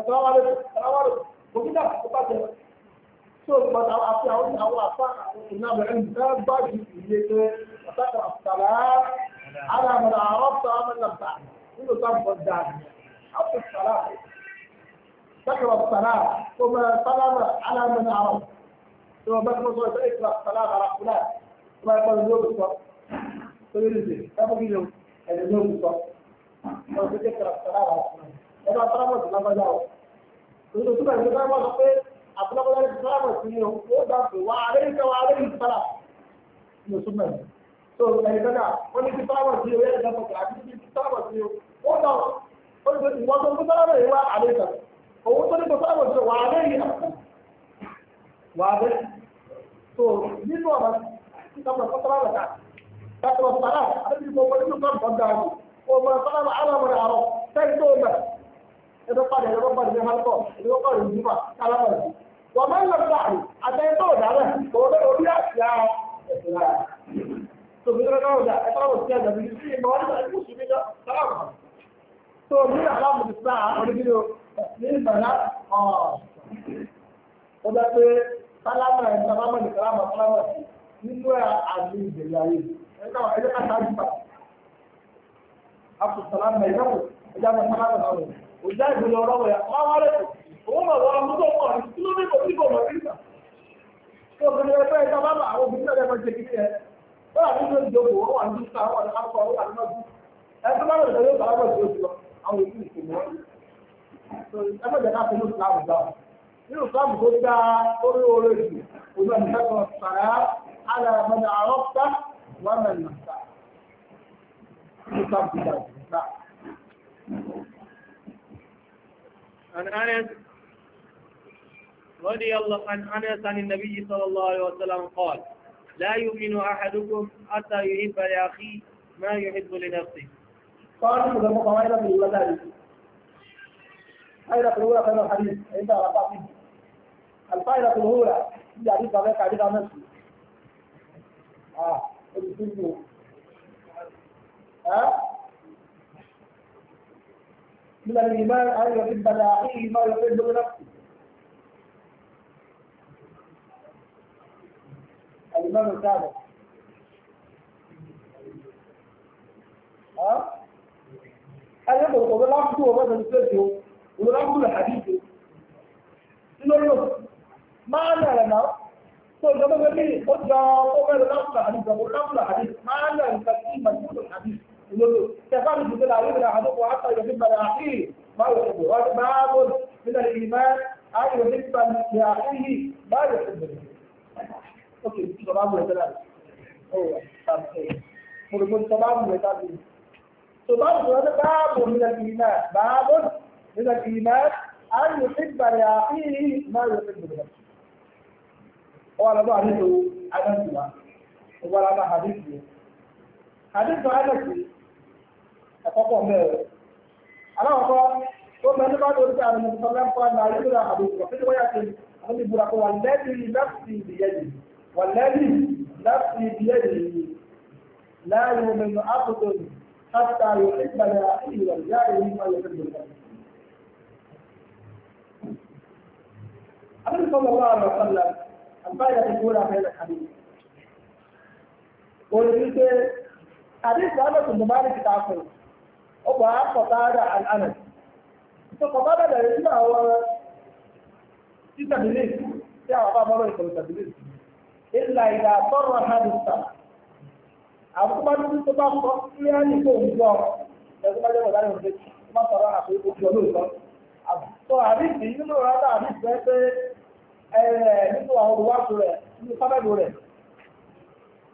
àtàwárò àtàwárò kò sí dàpọ̀ tó bá jẹ tó gbọdọ̀ àwọn àfi àwọn àwọn àfa ìnáwó ẹni náà bá ju ìdílé tó àtàkà àfàlà àlàmọ̀lá àrọ́pọ̀ àmọ́làmọ̀lá nínú tó àbọ̀ dàbí àfọ̀ sàlá ذكر الصلاة ثم سلم على من عرف ثم بكر صلى اقرأ الصلاة على فلان ثم يقول النوم الصف فينزل يبقى اليوم النوم الصف ثم تقرأ الصلاة على فلان ẹ bá sábàtì lágbájá o tòótọ́ tó bẹ̀rẹ̀ nígbà wọn sọ pé àbúlágbájá ti sábàtì ni o ó dà pé wà á rẹ́ ìṣe wà á rẹ́ ìṣàlà ní oṣù mẹ́rin tó ẹ̀yìn kọ́kà wọ́n ní ti sábàtì o yẹ́ ìjà pọ̀kà àti ti sábàtì o ó dà ó ní ìwọ́n tó ń tó sábàtì yìí wà á rẹ́ ìṣàlà òun tó ní tó sábàtì wà á rẹ́ ìṣàlà wà á rẹ́ tó ìdókòdì ìdókòdì ní hálùkọ ìdókòdì ìdúpà kálábàlì wọ́n máa ń lọ sí àrùn àtẹ̀yìntò ọ̀dàlẹ̀ ó bẹ pé sálámù ẹ̀ sálámù ní sálámù sálámù nínú ẹ̀ àmì ìbẹ̀rẹ̀ ayé ẹ̀ka ẹ̀jẹ̀ ká sáájú pa àpò sálámù ẹ̀ kò ẹ̀jẹ̀ àmì sálámù náà òjá ìgbìlọ ọ̀rọ̀ rẹ̀ máa wá rẹ̀ òun mọ̀ wọ́n mú tó mọ̀ ní kí ló dé kò sí kò mọ̀ sí ìgbà tó fi ní ẹgbẹ́ ìta bá bá àwọn òbí náà lẹ́mọ̀ jẹ́ kíkẹ́ ó wà nínú ìjọba wọn wà nínú ìta wọn àti àwọn àwọn àti ẹgbẹ́ bá rẹ̀ lọ́wọ́ bàbá bọ̀ sí àwọn òbí ìkò mọ́ ẹgbẹ́ jẹ́ ká fún ìsìlámù gbà nínú ìsìlámù tó dá orí orí jù òun àti ẹgbẹ́ sàrà عن أنس رضي الله عن أنس عن النبي صلى الله عليه وسلم قال لا يؤمن أحدكم حتى يحب لأخيه ما يحب لنفسه قال إذا مقام أيضا من الله أيضا الأولى كان الحديث عند رفاقه الفائدة الأولى في حديث بابك حديث عن نفسه آه ها آه؟ من الإيمان أن يحب لأخيه ما يحب لنفسه الإمام الكامل ها؟ أنا بقول لك أنا بقول لك أنا بقول لك له معنى لنا قلت له ما بيني قلت له ما بيني العبد لحديثه والعبد لحديثه معنى الحديث مجهول الحديث الوضوء كفاله بدل عليه أحدكم حتى يحب لأخيه ما يحبه هذا باب من الإيمان أن يحب لأخيه ما يحبه أوكي تمام ولا لا؟ أيوه تمام أيوه مرمون تمام ولا لا؟ تمام هذا باب من الإيمان باب من الإيمان أن يحب لأخيه ما يحب لنفسه ولا بعده أنا سوا ولا ما حديثه حديث أنا سوا àkọ́kọ́ mẹ́rin. aláwọ̀kọ́ tó mẹ́rin bá tó dúkà àwọn mùsùlùmí kọ́ ní àwọn ìlú àbò òfin wáyà ti àwọn ìbú rakọ wà lẹ́bi lẹ́bi ìdíyẹ́dì wà lẹ́bi lẹ́bi ìdíyẹ́dì láàrin omi àkókò hatta yóò ní ìgbàlẹ̀ àìyí wà láàrin omi wà lẹ́bi ìdíyẹ́dì. ọgbà kọ̀tàdà àlànà tó kọ̀tàdà bẹ̀rẹ̀ sí àwọn títàbílẹ̀ tí àwọn bá mọ́rọ̀ ìkọ̀lù ìlà ìlà tọrọ àdìsà àkókòmọ́tò tó bá kọ́ ní á ní kó ń gbọ́ ẹ̀sùn bá jẹ́ wọ̀dá ní òṣèlú tó sọ̀rọ̀ àbùtọ́ nínú pé nínú àwọn olùwàsó nínú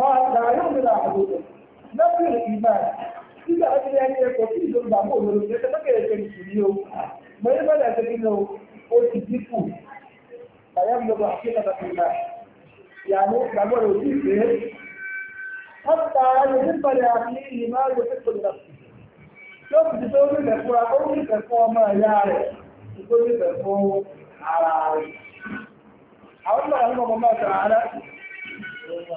لا يؤمن أحدكم نفي الإيمان إذا أجل أن يكون في ذنب مؤمن يتبقى يتنسيه ما يبقى يتنسيه وتجيبه لا يبلغ حقيقة الإيمان يعني لما يجيبه حتى يحب لأخيه ما يحب لنفسه yóò fi tó ní ìfẹ́fún akọ́ ní ìfẹ́fún ọmọ ẹ̀yà rẹ̀ tó ní ìfẹ́fún ara rẹ̀. Àwọn ọmọ ọmọ ọmọ ọmọ ọmọ ọmọ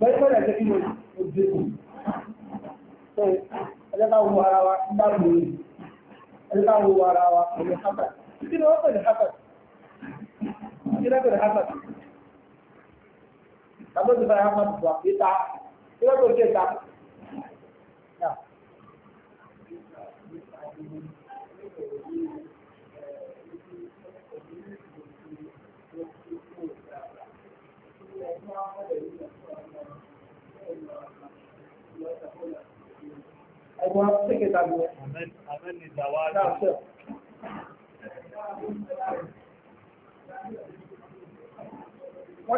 gbẹ́gbẹ́rẹ̀ jẹ́ kí ló dé kù ṣe ẹlẹ́ka wo ara wa ń bá lò ní ẹlẹ́ka wo ara wa pẹ̀lú hábà kí ni wọ́n pẹ̀lú wọ́n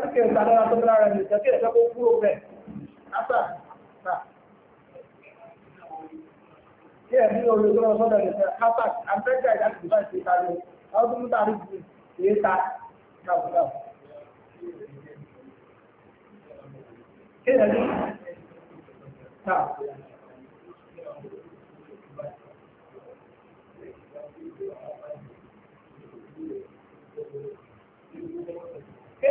ní kí ẹ̀ta lára tó lára ẹni ìtẹ́kí ẹ̀ta kó kúrò bẹ̀ látà kí ẹ̀ ní orí tó lọ sọ́dọ̀ ẹ̀ta látà àtẹ́kà ìdájú ìbá ìṣe ìta ló àwọn tó ń bá rí ju èéta náà kí ẹ̀ ní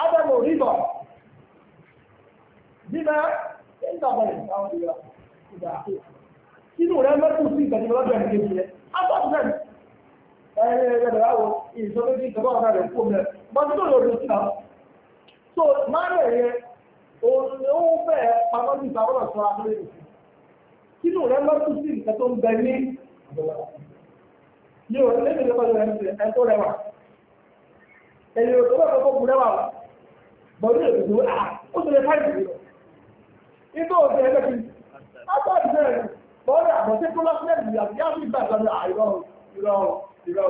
عدم الرضا بما عند غيره أو إذا حقيقة inú rẹ mẹ́tò sí ìtẹ̀jẹ̀ lọ́dọ̀ ẹ̀ kejì rẹ̀ afọ́sẹ̀ ẹ̀rẹ́ ẹ̀rẹ́ àwọ̀ ìṣọ́bẹ́jì ìjọba ọ̀rẹ́ rẹ̀ kó mẹ́ bọ́sí tó lòdì sí náà so márùn ẹ̀yẹ òun fẹ́ pamọ́ sí ìgbà ọ̀rọ̀ sọ́ra tó lè inú rẹ mẹ́tò sí ìtẹ̀ tó ń bẹ ní yóò lẹ́gbẹ̀ẹ́ lọ́dọ̀ ẹ̀ tó rẹwà ẹ̀yẹ òtò bọ̀dé ìlú à ó ti lè fáìlì ìlú lọ. Ibú òfin ẹgbẹ́ kí látọ̀ ìṣẹ́ rẹ̀ bọ́ọ̀lù àbọ̀tí kúlọ́sílẹ̀mù àti yáàbí ìgbà ìgbàlẹ̀ àìrọ̀ ìrọ̀ ìrọ̀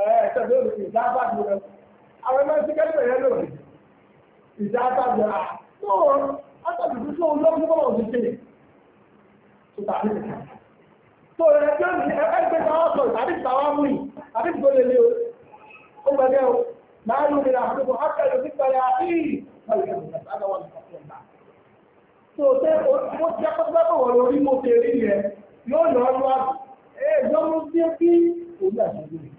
ẹ̀ẹ́dẹ̀gbẹ̀ òfin ìjábá ìlú rẹ̀. Àwọn ẹgbẹ́ ti kẹ́lẹ́ rẹ̀ lòdì ìjábá ìlú rẹ̀. Tó o látọ̀bí tó tó lọ́wọ́ bọ́ọ̀ ti ṣe tó tàbí nìkan. Tó o rẹ̀ ní ẹgbẹ́ táwọn sọ tàbí táwọn mú yìí tàbí tó lè lé o. Ó gbẹgẹ́ o, ìfẹ́ ìgbàgbọ́ wọn ìfọ̀kànlá. tó o tẹ́ mo ti akọ́tọ́gbọ́ wọ̀ lórí mo ti rí yẹn yóò lọ lọ àbù ẹ̀ lọ́mú sí kí òun àṣàjù rẹ̀.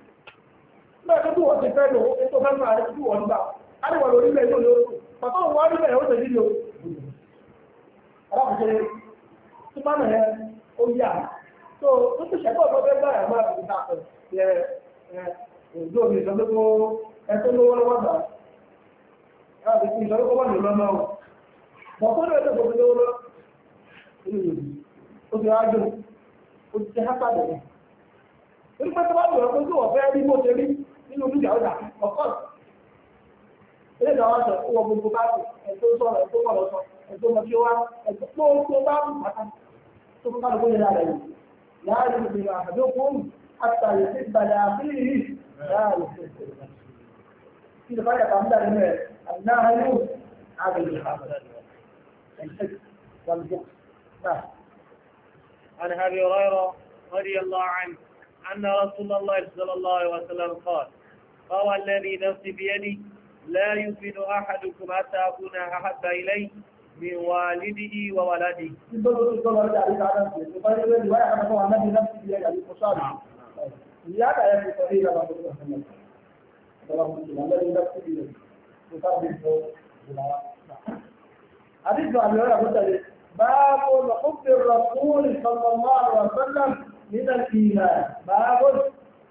nígbà tó tún wọ́n ti fẹ́ lò ó tó fẹ́ máa rẹ̀ tún wọ́n gbà á lè wọ̀ lórí rẹ̀ yóò lọ pàtó òun wá rí bẹ̀rẹ̀ ó tẹ̀lé ti fún wà nílọ náà mọ̀ tó lè tẹ́kọ̀ọ́ tó ó ti rájò ó ti hápá bẹ̀rẹ̀ ó ti fún kálukú yẹn lára láàrin ìgbìmọ̀ àdókòwò àtàlẹ́sẹ̀ ìbàdàn النهل هذه الإحاطة الحكم والبخل طيب. عن أبي هريرة رضي الله عنه أن رسول الله صلى الله عليه وسلم قال قال الذي نفسي بيدي لا يؤمن أحدكم حتى أكون أحب إليه من والده وولده. نفسي حديث عن هريره مثل باب حب الرسول صلى الله عليه وسلم من الايمان باب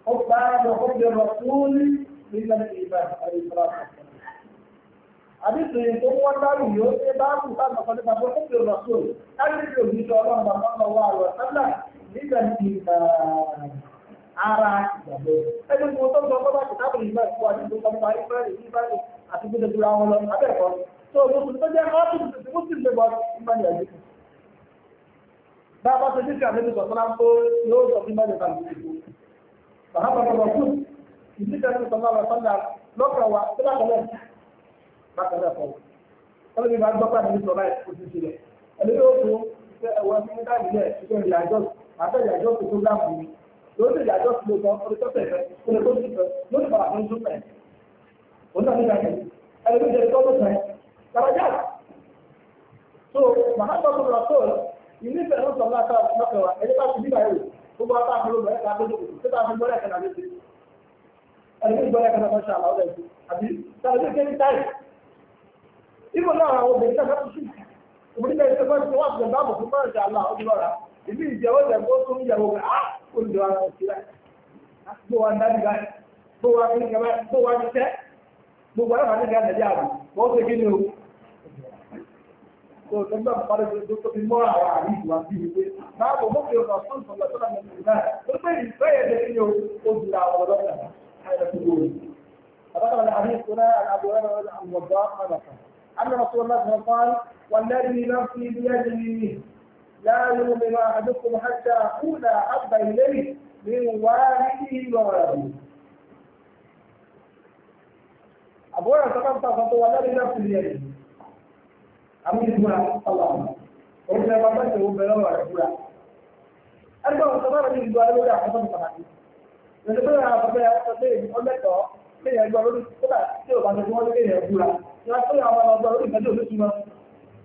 حب باب حب الرسول من الايمان عليه الصلاه والسلام àdìsí tó ń wọ́n dárò yóò ṣe bá kú sáà sọ̀kan nípa pé fún ìrọ̀ sóòlù láti fi òbí sọ ọlọ́run ara ìgbàgbọ́ ẹni mo tó sọ bọ́bá ti tábìlì ìgbà ìfọ́ àti ìgbà ìfọ́ ìfọ́ ìfọ́ àti ìgbà ìfọ́ àwọn lọ abẹ́ẹ̀kọ́ tó o mùsùlùmí tó jẹ́ ọ́fíìsì tuntun mùsùlùmí lè bọ́ ìgbà ìyà yìí. bá a bá ṣe dídì àmì ìsọ̀ sọ́lá tó yóò sọ fún ìgbà ìfọ́ bàbá bàbá kú ìdíkà ní sọ́lá wa sọ́lá lọ́kàn wa tó bá kọ́lẹ̀ bá kọ́lẹ̀ fọ́ ọlọ́bí bá gbọ́ pàdé sọ báyìí kó ti sílẹ̀ ẹni tó tó dáàbò lórí ìdájọ́ sí lóòótọ́ orí tó tẹ̀lé orí tó ti fẹ́ lórí ìfọ̀rọ̀ àwọn ojú mẹ́. òun náà nígbà yẹn ẹni tó jẹ tó ló fẹ́ kàrájà. so màá tọ́ tó lọ tó ìnífẹ̀ ló sọ láta lọ́fẹ̀ wa ẹni bá ti bí báyìí gbogbo apá àfọlọ́ lọ ẹ̀ka tó dókòtò tó bá fi gbọ́dọ̀ ẹ̀ka náà létí. ẹni tó gbọ́dọ̀ ẹ̀ka náà ṣe àlọ́ ọ̀dẹ̀ àbí tàbí kékeré táì. ibùdó àwọn obìnrin náà ìbí ìjẹ́wọ́ tẹ̀gbọ́ tó ń yẹ̀wò á kò jọ ara òsì rẹ̀ gbó wa ah, dání báyìí gbó ah, wa fi kẹ́ báyìí gbó wa fi tẹ́ gbogbo àwọn àti ìgbà nàìjíríà rẹ̀ wọ́n ṣe kí ni o. tó tó ń bá parí tó tó fi mọ́ àwọn àrí ìwà bí i pé máa bò mọ́kì ọ̀sán fún ìfọ̀lọ́ tó lọ́nà tó pé ìfẹ́ لا يؤمن أحدكم حتى أكون أحب إليه من والده وولده أبونا تقطع خطوة لا لنفس اليد أمين يقول الله وإذا ما بس هو يقول. أنا أربع صدارة من الجمعة ولا حصل صدارة لأنه أنا أستطيع أستطيع أقول لك من لك أنا صدارة سيو بعد الجمعة ولا الجمعة لا أستطيع أن أضع لك أنا الجمعة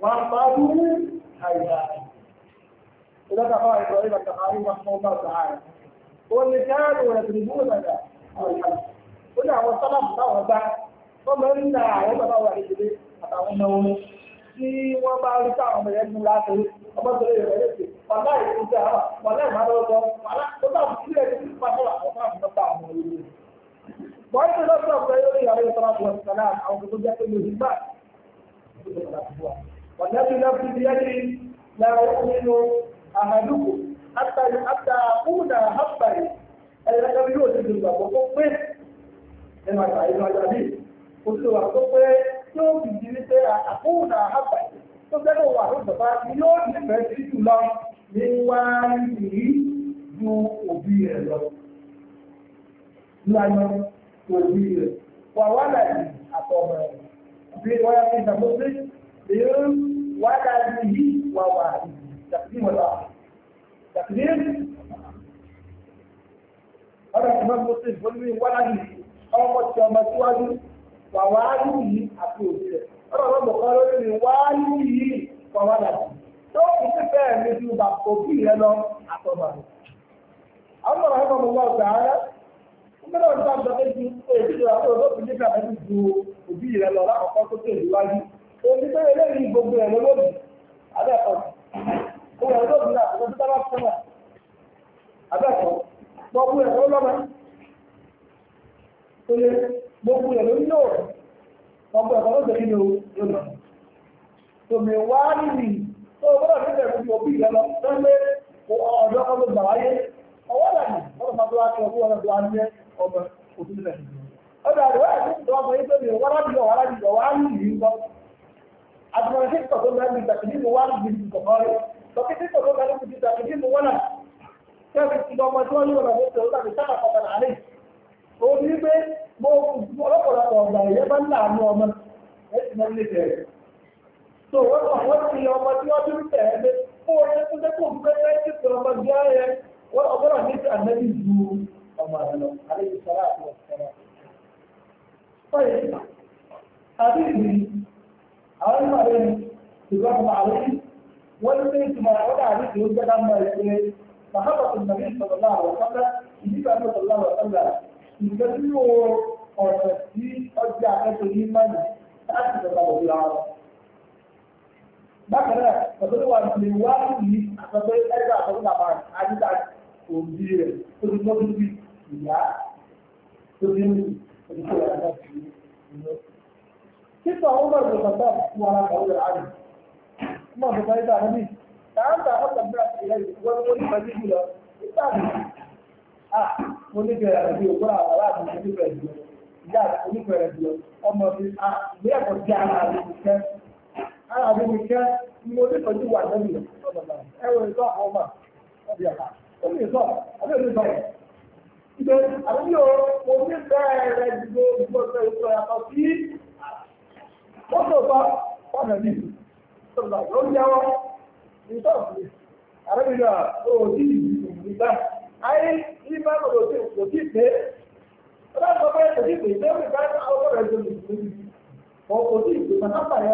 وأصابه حيث إذا تقرأ إبراهيم التقارير رحمه الله تعالى واللي كانوا يضربون أو الحلف قلنا هو الطلب ده وبعد ومن àwọn bàbá wa ìdílé àtàwọn ọmọ wọn tí wọ́n bá rí táwọn ọmọ yẹn mú láti ọmọ tó lè rẹ̀ lẹ́sẹ̀ wàlá ìlú tẹ àwọn wàlá ìmọ̀lẹ́ ọjọ́ wàlá tó bá fi sílẹ̀ ní pàtó àwọn bá fi mọ́ta àwọn ọmọ yẹn. bọ́ọ̀lù tó lọ́sọ̀ ọ̀pẹ́ yóò rí àwọn ìtọ́lá tó lọ́sọ̀ náà àwọn tó jẹ́ pé ló ti gbà. wàlá ti lọ́ àmàlùkù àtàlù àtàkùnà àbàlì ẹ̀rẹ́dẹ́gbẹ́ yóò ti dùn gbàgbọ́ tó pé nínú àgbà ìlú àjàbí oṣù wà tó pé yóò fi di ní pé àkùnà àbàlì tó fẹ́rẹ̀ wà ló bàbá yóò nífẹ̀ẹ́ sí jù lọ ní wá nìyí ju òbí rẹ̀ lọ. Lánà òbí rẹ̀ wà wá láì àtọ̀mọ̀ rẹ̀ bí wọ́n yá fi ṣàkóso èèyàn wá láì yí wà wà yìí. تقديم والآخر تقديم هذا الإمام مسلم ولمن ولده أو متوازي ووالده أقول أنا رب قالوا لي والده وولده tó kù sí bẹ́ẹ̀ ni ju bàbá òbí rẹ lọ àtọ̀mọ̀ rẹ. àwọn kó wọ́n ẹgbẹ́ òbí náà ọdún tó fún wọn abẹ́kọ̀ọ́ gbọ́gbó ẹ̀ lọ́wọ́ lọ́mọ tó lé gbogbo ẹ̀ lórí yóò gbogbo ẹ̀ lọ́wọ́ tẹ̀lé ní ọjọ́ tòmí wá nìyí tó o gbọ́dọ̀ nígbà ìfúnni òbí rẹ lọ tó lé ọ̀dọ́ kan ló gbà wáyé ọwọ́ làní wọ́n máa tó wá kí ọkọ̀ wọn wá ní ọmọ òbí rẹ ọdọ àdúrà yìí tó lè wọ́n láti lọ wá láti lọ wá nìyí nǹkan àtúnṣe tó tó lẹ́nu ìgbà فكيف تقول أنا كنت تأخذين ولا كيف تقول ما تقول ولا ما تقول أنا كنت أخذ عليه ó ní pé mo ọlọ́pọ̀lọpọ̀ ọ̀gbà ìyẹ́ bá láàánú ọmọ ẹ̀sì mọ́ ní ìbẹ̀rẹ̀ so wọ́n ti ọmọ tí wọ́n tún tẹ̀ ẹ́ pé kó o ṣe tún dẹ́kun pé fẹ́ẹ́sì tó ọmọ bí á yẹ wọ́n ọgbọ́dọ̀ ní ti ànábì ju ọmọ rẹ̀ lọ àlejò sọ́ra àti ọ̀sẹ̀rẹ̀. sọ́yìn àbí ìrìn àwọn ìmọ̀ rẹ̀ ṣùgbọ́n àwọn àlejò wọ́n ní ìtumọ̀ ọ̀dà àdìsí ó jẹ́ká mọ́ ẹ̀ pé sàhábà tó nàbí ìsọ̀tọ̀lá àwọn sọ́lá ìdíkà ìsọ̀tọ̀lá àwọn sọ́lá ìgbẹ́síwò ọ̀sẹ̀ tí ọjà akẹ́kọ̀ọ́ yìí máa ní láti ìjọba òbí ara wọn. bákan náà ọ̀dọ́ tó wà ní wá yìí àtọ́gbẹ́ ẹgbẹ́ àtọ́gbẹ́ bàbá àdìsá òbí rẹ̀ tó ti mọ́tò sí ìyá tó ti ń lù òdìsí ìyá náà sí i. títọ̀ ọmọ ìgbọ̀nsọ̀ náà mo máa ń gbà wọ́n bí tààtà ọ̀sán bí wọ́n ti rẹ̀ wọ́n ní onífẹ̀ẹ́ sí jùlọ nígbà mi à mo nífẹ̀ẹ́ rẹ̀ bí òkúra àwọn àti mo nífẹ̀ẹ́ jùlọ ìyá àti mo nífẹ̀ẹ́ rẹ̀ jùlọ ọmọ mi à ìwé ẹ̀kọ́ sí ara mi mi kẹ́ ara mi mi kẹ́ mo nífẹ̀ẹ́ jù wà lẹ́nu ẹ̀rọ ìtọ́ àwọn ọmọ ọ̀bì àná ó ní ìtọ́ àbí èmi sọ ìgbé àbí o mo nífẹ̀ẹ́ rẹ̀ jùlọ ìgbọ́sẹ̀ ìtọ́ yàtọ̀ sí mọ́tò sọ ọ̀nà mi. sọ̀rọ̀ ó jáwọ́ nítọ́sí àrẹ́bìnrin òòdì ìgbà ayé nípa òòdì òòdì pé ọlọ́sọ pé òòdì pé ìgbé òòdì bá ọkọ̀ rẹ̀ tó nìyí wọn kò tí ìgbé máa bá yà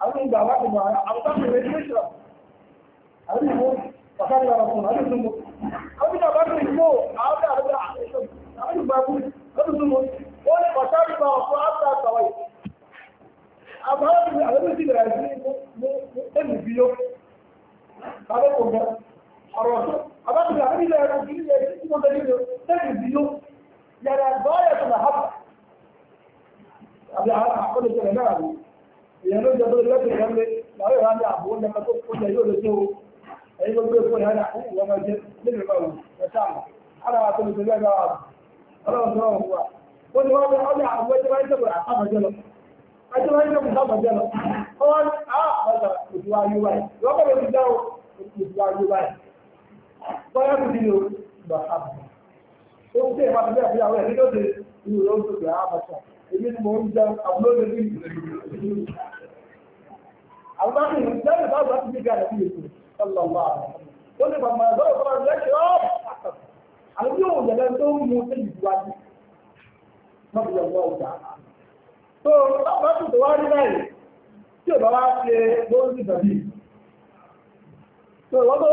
àwọn ìgbà wá ti mọ̀ àwọn tó ń bèèrè ní ìṣọ̀ àwọn ìwò pàtàkì ọ̀rọ̀ fún àwọn ìṣúnmọ̀ àwọn ìgbà bá ti mọ̀ àwọn tó àrẹ́gbà àwọn ìgbà bú lọ́dún súnmọ̀ ó ní pàtàkì ọ̀rọ̀ fún àwọn àtàwà yìí àwọn àrẹ́gbà ti bẹ̀rẹ̀ sí ẹ̀mì bí yó tàbí kò gẹ ọ̀rọ̀ tó àbájáde àrẹ́gbà ti bẹ̀rẹ̀ sí ẹ̀mì bí yó yàrá gbọ́ àbí àkọ́lẹ̀ tẹ̀lẹ̀ náà rí èèyàn ló ní yóò lè tó ẹ̀yìn ló gbé fún èmi ni mo ń jẹ àbúlóde ní ìlú. Àwọn bá mi lẹ́yìn bá bá ti ní gàdá sí ètò ọlọ́wọ́ àwọn. Ó ní bàbá ẹ̀rọ ìfọwọ́ lẹ́kẹ̀ẹ́ ọ́. Àwọn yóò yẹ̀lẹ́ tó ń mu sí ìdíwájú. Má bìyà wọ́n ọ̀gá. Tó bá tó wá rí báyìí, tí ò bá wá ṣe lórí ìtàbí. Tó wọ́n tó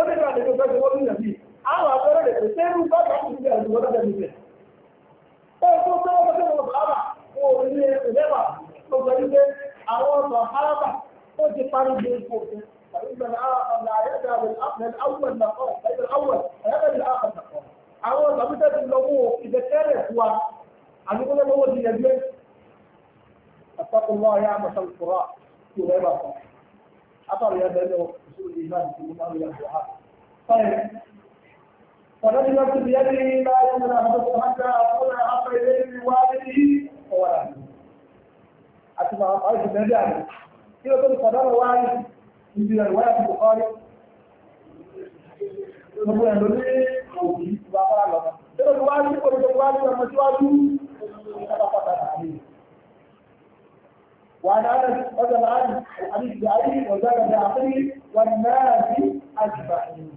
ní gàdá bá wọn ò ní ẹ̀rẹ́wà tó sọ wípé àwọn ọ̀nà arábà ó ti parí di ipò fún فإن العيادة للأول نقاط فإن الأول عيادة للآخر نقاط àwọn ìgbàmítẹ́ ti lọ wó ìdẹ́kẹ́rẹ̀ fún wa àdúgbò lọ́wọ́ ti yẹ gbé àtàkùnlọ́ ayé àmọ́sá ìfura tí ó rẹ́bà kan látàrí ẹgbẹ́ lọ ìṣòro ìlà ìṣòro ìlú máa ń yà wá. Báyìí, ọ̀dọ́ ti lọ sí ìyá ní láàárín ìlànà tó kọ̀ máa ń dá àwọn ọ̀rẹ́ àpẹẹrẹ ìwà níbi ọwọ́ rà ní. àti màá ọ̀sùn mẹ́rin àná kí ló tó ti sọ̀dọ́ wá ní ibi rẹ̀ wáyà tó kọ́ rí. gbogbo ẹ̀ ló ní òbí ìwà fara lọ́nà. kí ló ti wá ní kó tó wá ní ọmọ síwájú pátápátá àárín. وعن انس رضي الله عنه عن ابن علي وزاد بعقله والناس اجمعين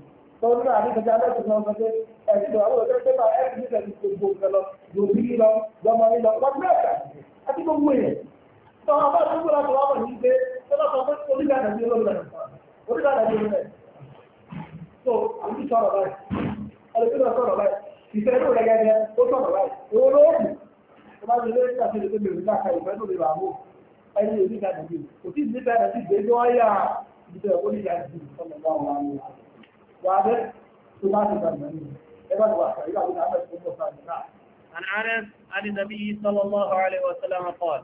lọ́dún náà ní kẹjá lẹ́sìn náà sọ pé ẹ̀sìn àwọn òṣèré pépà ẹ̀sìn nígbà tí gbogbo nǹkan lọ lòdì lílọ lọmọ lílọ lọ́dún náà kà àti gbogbo èèyàn. sọ wọn bá dúró láti wá wọn yìí pé tọ́lá sọ pé onígbà nàbí olóògbé onígbà nàbí olóògbé. so àbí sọ̀rọ̀ báyìí ẹlòmíràn sọ̀rọ̀ báyìí ìfẹ́ inú rẹ̀ gẹ́gẹ́ ó sọ̀rọ̀ báyìí òun ló kù tó bá ti lé ìtàkùn ìlú mi nígbà kan ìfẹ́ inú mi ràmú ẹni onígbà nàbí ní wáyà وعدد ثلاثي أن عن أنس عن النبي صلى الله عليه وسلم قال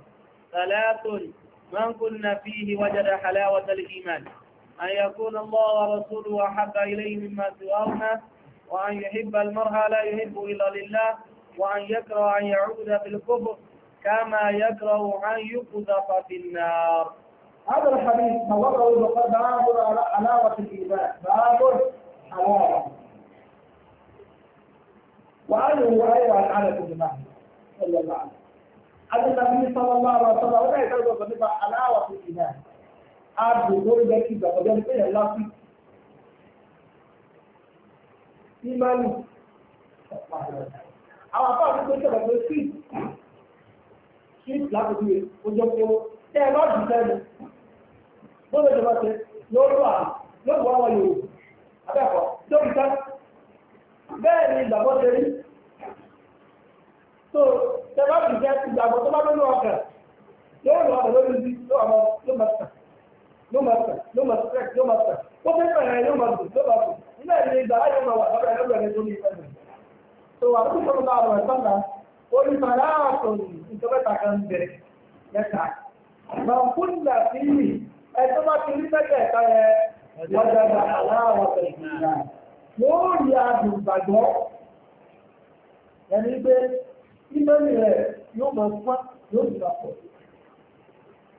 ثلاث من كنا فيه وجد حلاوة الإيمان أن يكون الله ورسوله أحب إليه مما سواهما وأن يحب المرأة لا يحب إلا لله وأن يكره أن يعود بالكفر كما يكره أن يقذف في النار هذا الحديث نوره باب حلاوة الإيمان باب àwọn ọ̀rọ̀. Wàá lò wá ẹ̀wà ààrẹ tó dìbà ọlọ́lá. Adéka bí ní sọ́lọ́ máa wà sọ́lọ́ ó dáìka ìgbàgbọ́ nípa aláwọ̀ tó ti náà. A dùn lórí bẹ́ẹ̀ kí ìgbàgbọ́ jẹ́ nípa ìyẹn láti. Ìmánì ọ̀pá rẹ̀. Àwọn afọ àti pé sọ̀rọ̀ pé sí sí lákòókò ojú ọkọ̀ tẹ́ ẹ bá dùn sẹ́nu. Bó ló ṣe máa ṣe yóò lọ àwọn yóò wọ́n wọn yòówù abẹ́ẹ̀kọ́ dókítà bẹ́ẹ̀ ni ìgbàgbọ́ ṣe rí tó tẹ́lá ti jẹ́ ìgbàgbọ́ tó bá lórí ọkà yóò lọ ọ̀rọ̀ lórí ibi tó ọmọ ló máa tà ló máa tà ló máa tà ló máa tà ó fẹ́ fẹ̀rẹ̀ yóò máa dùn ló máa dùn nígbà ìdílé ìgbà láyé máa wà lọ́dọ̀ ẹ̀rọ ẹ̀rọ tó ní ìfẹ́ rẹ̀ tó wà lórí ìfọ̀rọ̀ náà rẹ̀ sọ́nà orí fàlà ìjọba ìtàkà ń bẹ̀rẹ̀ wọ́n dábà aláwọ̀ ìgbà yóò rí adùn ìgbàgbọ́ ẹni pé ìmọ̀lì rẹ̀ yóò mọ̀ fún yóò sì bá pọ̀.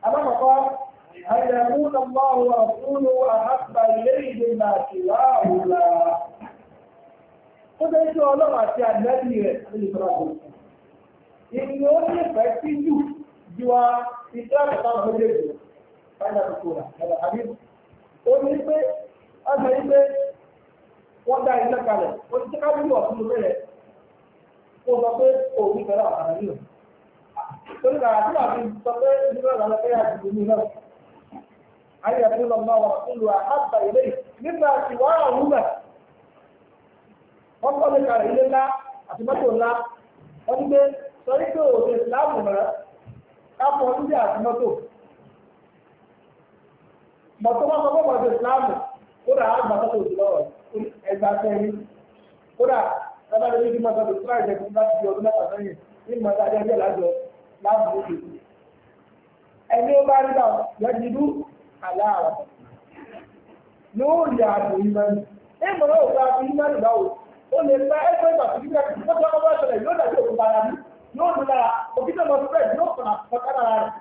alákọ̀ọ́kọ́ àyẹ̀mú nàmbá wa fúnnu àhàbà ilé ìdè náà sì láàrúlà. ó dé sí ọlọ́run àti àgbẹ̀bí rẹ̀ lórí ó ó ní pé a sọ yí pé wọ́n dá iná kalẹ̀ ó ti tẹ́ka bí wọ́n fún mi bẹ̀rẹ̀ kó sọ pé òun fẹ́ràn àkàrà yìí tó ní kàrà tí wàá fi sọ pé nígbà wà lọ́kẹ́ yà jù mí náà ayé ẹ̀fọ́ lọ máa wà fún lu àhábà ilé nígbà tí wàá àwọn ọmọ wọn kọ́ ní kàrà ilé ńlá àti mọ́tò ńlá wọ́n ti gbé sọ pé òun ti láàmù ká fọ́ níbi mọ̀tọ́ wọn sọ fún ọ̀dọ̀ ìsìláàmù kódà àgbà sọ́tò òjò lọ́rọ̀ ẹgbà sẹ́yìn kódà bàbá lórí bí mọ̀tọ́ ìsìláàmù láì jẹ́kùn láti di ọdún mẹ́ta sẹ́yìn ní mọ̀tọ́ ajẹ́jẹ́ lájọ láàbù lóde. ẹni ó bá rí bá yọjìdú àláàrọ̀ yóò rí ààbò ìmọ̀ni ẹ mọ̀ náà òkú àti ìmọ̀ni báwo ó lè pa ẹgbẹ́ ìgbà tó kíkẹ́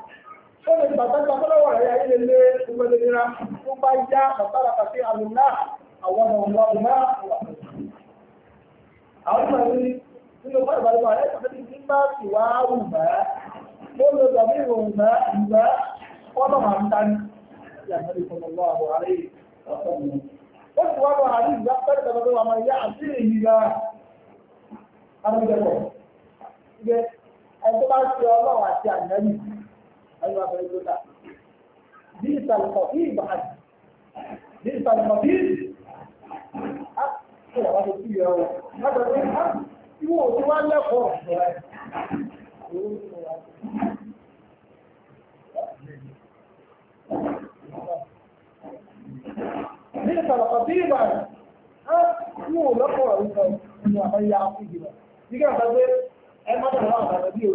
Fẹ́mi bàbá gbàgbọ́lọ́wọ́ rẹ̀ ayé lè lé gbogbo nira tó bá yá bàbára pàṣẹ àlùmá àwọn ọmọ ọmọ ọmọ wà. Àwọn ọmọ mi nínú bá ìbálòpọ̀ ayé ìpàdé ti ti bá ti wá wù bá. Mo lọ dàbí ìròyìn bá ìgbà wọ́n bá máa ń dání. Ìyàtọ̀ ìfọ̀mọ̀lọ́ àbọ̀ àrẹ ọ̀sán mi. Ó sì wá lọ àrí ìgbà pẹ́ẹ́lú tẹ̀lé ọmọ ìyá àti ìyá àrùn jẹ̀kọ̀. Ìgbẹ́ ẹni tó أيها الأخوة بئس الخطيب حتى بئس الخطيب Ìwọ̀n tí wá lẹ́kọ̀ọ́ rẹ̀. Ní ìsàlọ̀kọ̀ tí ìgbà rẹ̀, á mú lọ́pọ̀ ìsàlọ̀kọ̀ ìyá ìgbìmọ̀. Nígbà bá gbé ẹ mọ́tàlá àgbàdàbí o.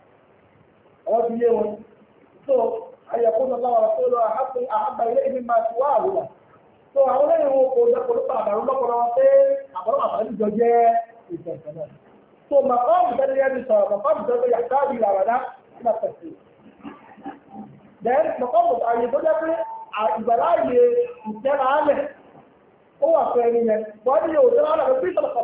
àwọn ti yé wọn so ayẹkùn náà láwọn tó lọ àhábà ilé ìbí máa ti wá àwòrán so àwọn lẹ́yìn wọn kò dẹ́kun ló pa àbàrún lọ́kọ̀ọ́rọ́ wọn pé àbọ̀rọ̀ àbàrún jọ jẹ́ ìtẹ̀sẹ̀ náà so màkà ọ̀mùtẹ́lẹ̀ yẹn ti sọ̀rọ̀ màkà ọ̀mùtẹ́lẹ̀ yàtọ̀ àbí ìlàwàdà nígbà pẹ̀sì then màkà ọ̀mùtẹ́lẹ̀ àyè tó jẹ́ pé ìgbàláyè ìtẹ́ra alẹ̀ ó wà fún ẹni yẹn bọ́ọ̀dì yóò tẹ́ra alẹ̀ pé pé ìtọ́lọ̀ kọ́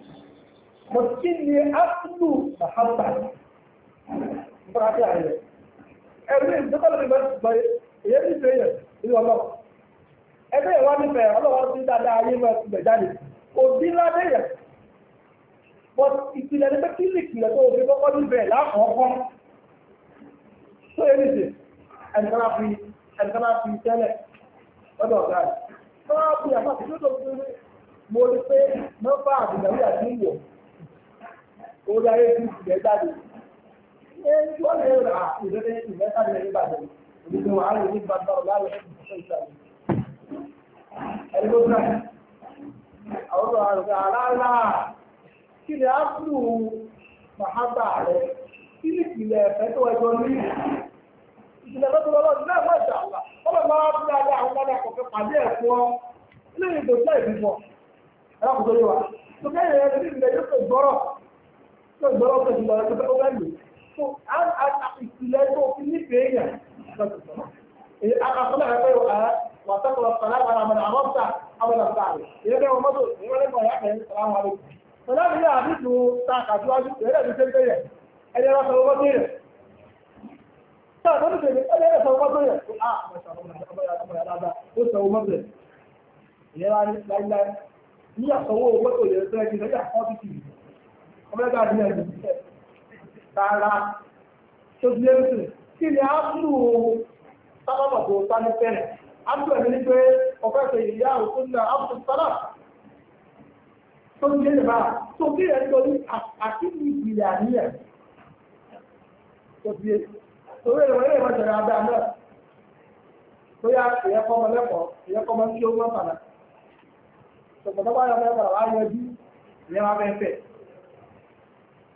mọ̀tí ni ápùlù màhábà nípa àti àyẹ̀ ẹgbẹ́ ìdókòlù ìgbà ìgbà èyẹ ní ìgbà èyẹ ìlú ọlọ́wọ́ ẹgbẹ́ ìwà nífẹ̀ẹ́ ọlọ́wọ́ ti dáadáa ayé mọ́ ẹ̀kú gbẹ̀jáde òbí ládé yẹ bọ́ ìpìlẹ̀ ní pé kí lè kìlẹ̀ tó òfin kọ́kọ́ níbẹ̀ lákọ̀ọ́kọ́ tó yẹ nìṣe ẹnìkan fi ẹnìkan fi tẹ́lẹ̀ ọdọ̀ ọ̀gá rẹ̀ tó wá bí àpapọ̀ tó tó fi mo rí pé mọ́fà àbùdàwí àti ìwọ̀ orí ayé bí ìgbẹ́ jáde. Ṣé ìgbẹ́ jáde yóò gbọ́ ọkọ̀ ìgbà ọjọ́ pé ó bá lò so ìpìlẹ̀ tó fi nífẹ̀ẹ́ èèyàn akọ̀kọ̀ náà pẹ̀lú ara wà sẹ́kọ̀ọ́ sọ̀rọ̀ àwọn àmọ̀ àwọn ọ̀sà àwọn ọ̀sà rẹ̀ èyí bẹ́ẹ̀ wọ́n mọ́tò èyí wọ́n lẹ́kọ̀ọ́ yá pẹ̀lú sọ̀rọ̀ àwọn àlejò sọ̀rọ̀ àbí yà àbí tó ta àkàtúwájú èyí lẹ́bi ṣe ń tẹ̀yẹ̀ ẹni ẹ̀rọ sọ̀rọ̀ wọ́n tẹ̀yẹ̀ sọ̀rọ̀ tó tẹ̀yẹ̀ ẹni ẹ̀rọ sọ̀rọ̀ wọ́n tẹ̀yẹ̀ ah ó sọ̀rọ̀ mọ́tò ìyẹn láíláí ní àsọ̀wọ́ mọ́tò yẹn tẹ́lẹ̀ kí ọmọdébà ní ẹ̀dùn tààrà tó ti lé lóṣù kí ni a ń lù ú sábàbọ̀ tó bá ní fẹ́rẹ̀ a ń lù ẹ̀mí ní pé ọ̀fẹ́ pé ìyá òkú náà a fún sábà tó ti lé lẹ́bàá tó kí ẹ̀ ń lọ ní àti ìgbìlẹ̀ àníyàn tó ti lé torí ẹ̀rọ ẹ̀rọ ìmọ̀jọ̀rọ̀ abẹ́ àná bóyá ìyẹ́kọ́ ọmọ lẹ́kọ̀ọ́ ìyẹ́kọ́ ọmọ tí ó mọ̀ fàlà tòkòtò bá yọ ọmọ lẹ́kọ̀ọ́ wá yọjú ìyẹn wá fẹ́ fẹ́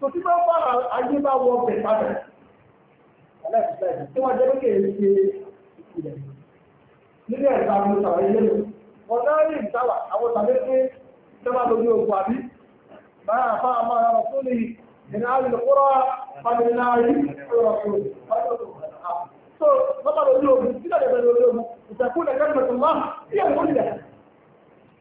tó tí wọ́n bá ayé bá wọ bẹ̀ padà aláìsíláìsí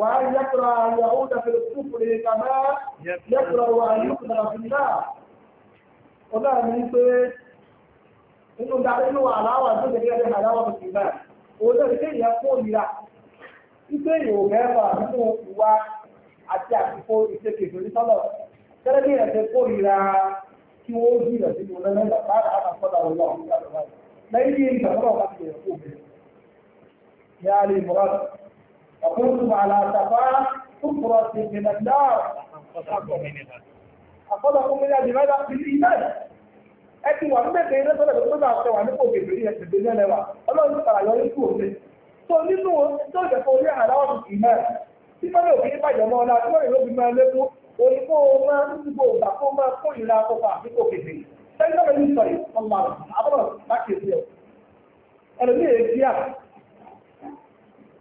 وأن يكره أن يعود في الكفر كما يكره أن يكره في النار ọlọ́run ní pé inú nínú àláwà tó tẹ̀lé ẹ̀rẹ́ àláwà tó ti bá olórí pé èèyàn kó ìlà wípé ìwò mẹ́fà nínú ìwà àti àsìkò ìṣèkè ìdòrí sọ́lọ̀ tẹ́lẹ̀ وكنتم على شفا حفرة من النار أخذكم منها بماذا؟ بالإيمان ẹtì wà nígbà tẹ̀yìn náà sọ́dọ̀ tó bá sọ wà nípò bèbè ní ẹsẹ̀ bèbè lẹ́wà ọlọ́run ti fara yọ ikú òde tó nínú tó jẹ́ fún orí àdáwọ̀ tuntun náà tí fẹ́lẹ̀ òfin bàjẹ́ mọ́ ọ́nà tí wọ́n yóò fi máa lékún oníkó máa ń dìbò gbà kó máa kó ìlà akópa àbíkò bèbè sẹ́yìn náà lè sọ̀rọ̀ ọmọ àbọ̀rọ̀ láti ẹ̀sẹ̀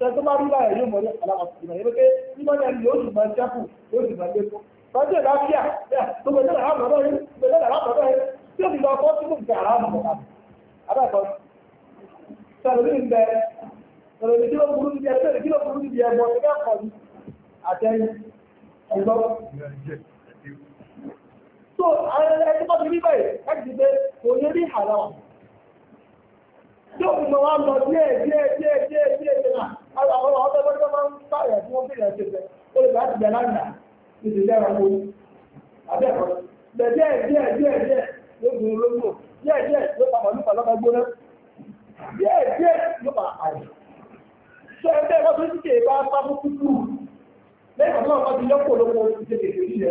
tẹ́tọ́ bá rí báyìí yóò mọ̀ ní alámọ̀tò ìmọ̀ yẹn pé nígbà yóò sì máa ṣẹ́kù yóò sì máa lékún. Bájú ẹ̀ láfíà tó ẹgbẹ́ kíló ti rí báyìí láti pé kò ní rí àlọ́. Tí òkùnkùn wa lọ díẹ̀ díẹ̀ díẹ̀ díẹ̀ díẹ̀ náà. àwọn ọ̀dọ́ ọ̀dọ́ máa ń sáyà tí wọ́n bèèrè ẹ̀ṣẹ̀ bẹ̀ ó lè láti bẹ̀rẹ̀ lánàá ìdè lẹ́ra wo abẹ́ẹ̀kọ́ bẹ̀ díẹ̀ díẹ̀ díẹ̀ díẹ̀ yóò gbé olóńgbò díẹ̀ tó ti lọ́pọ̀ lọ́pọ̀ ṣe kékeré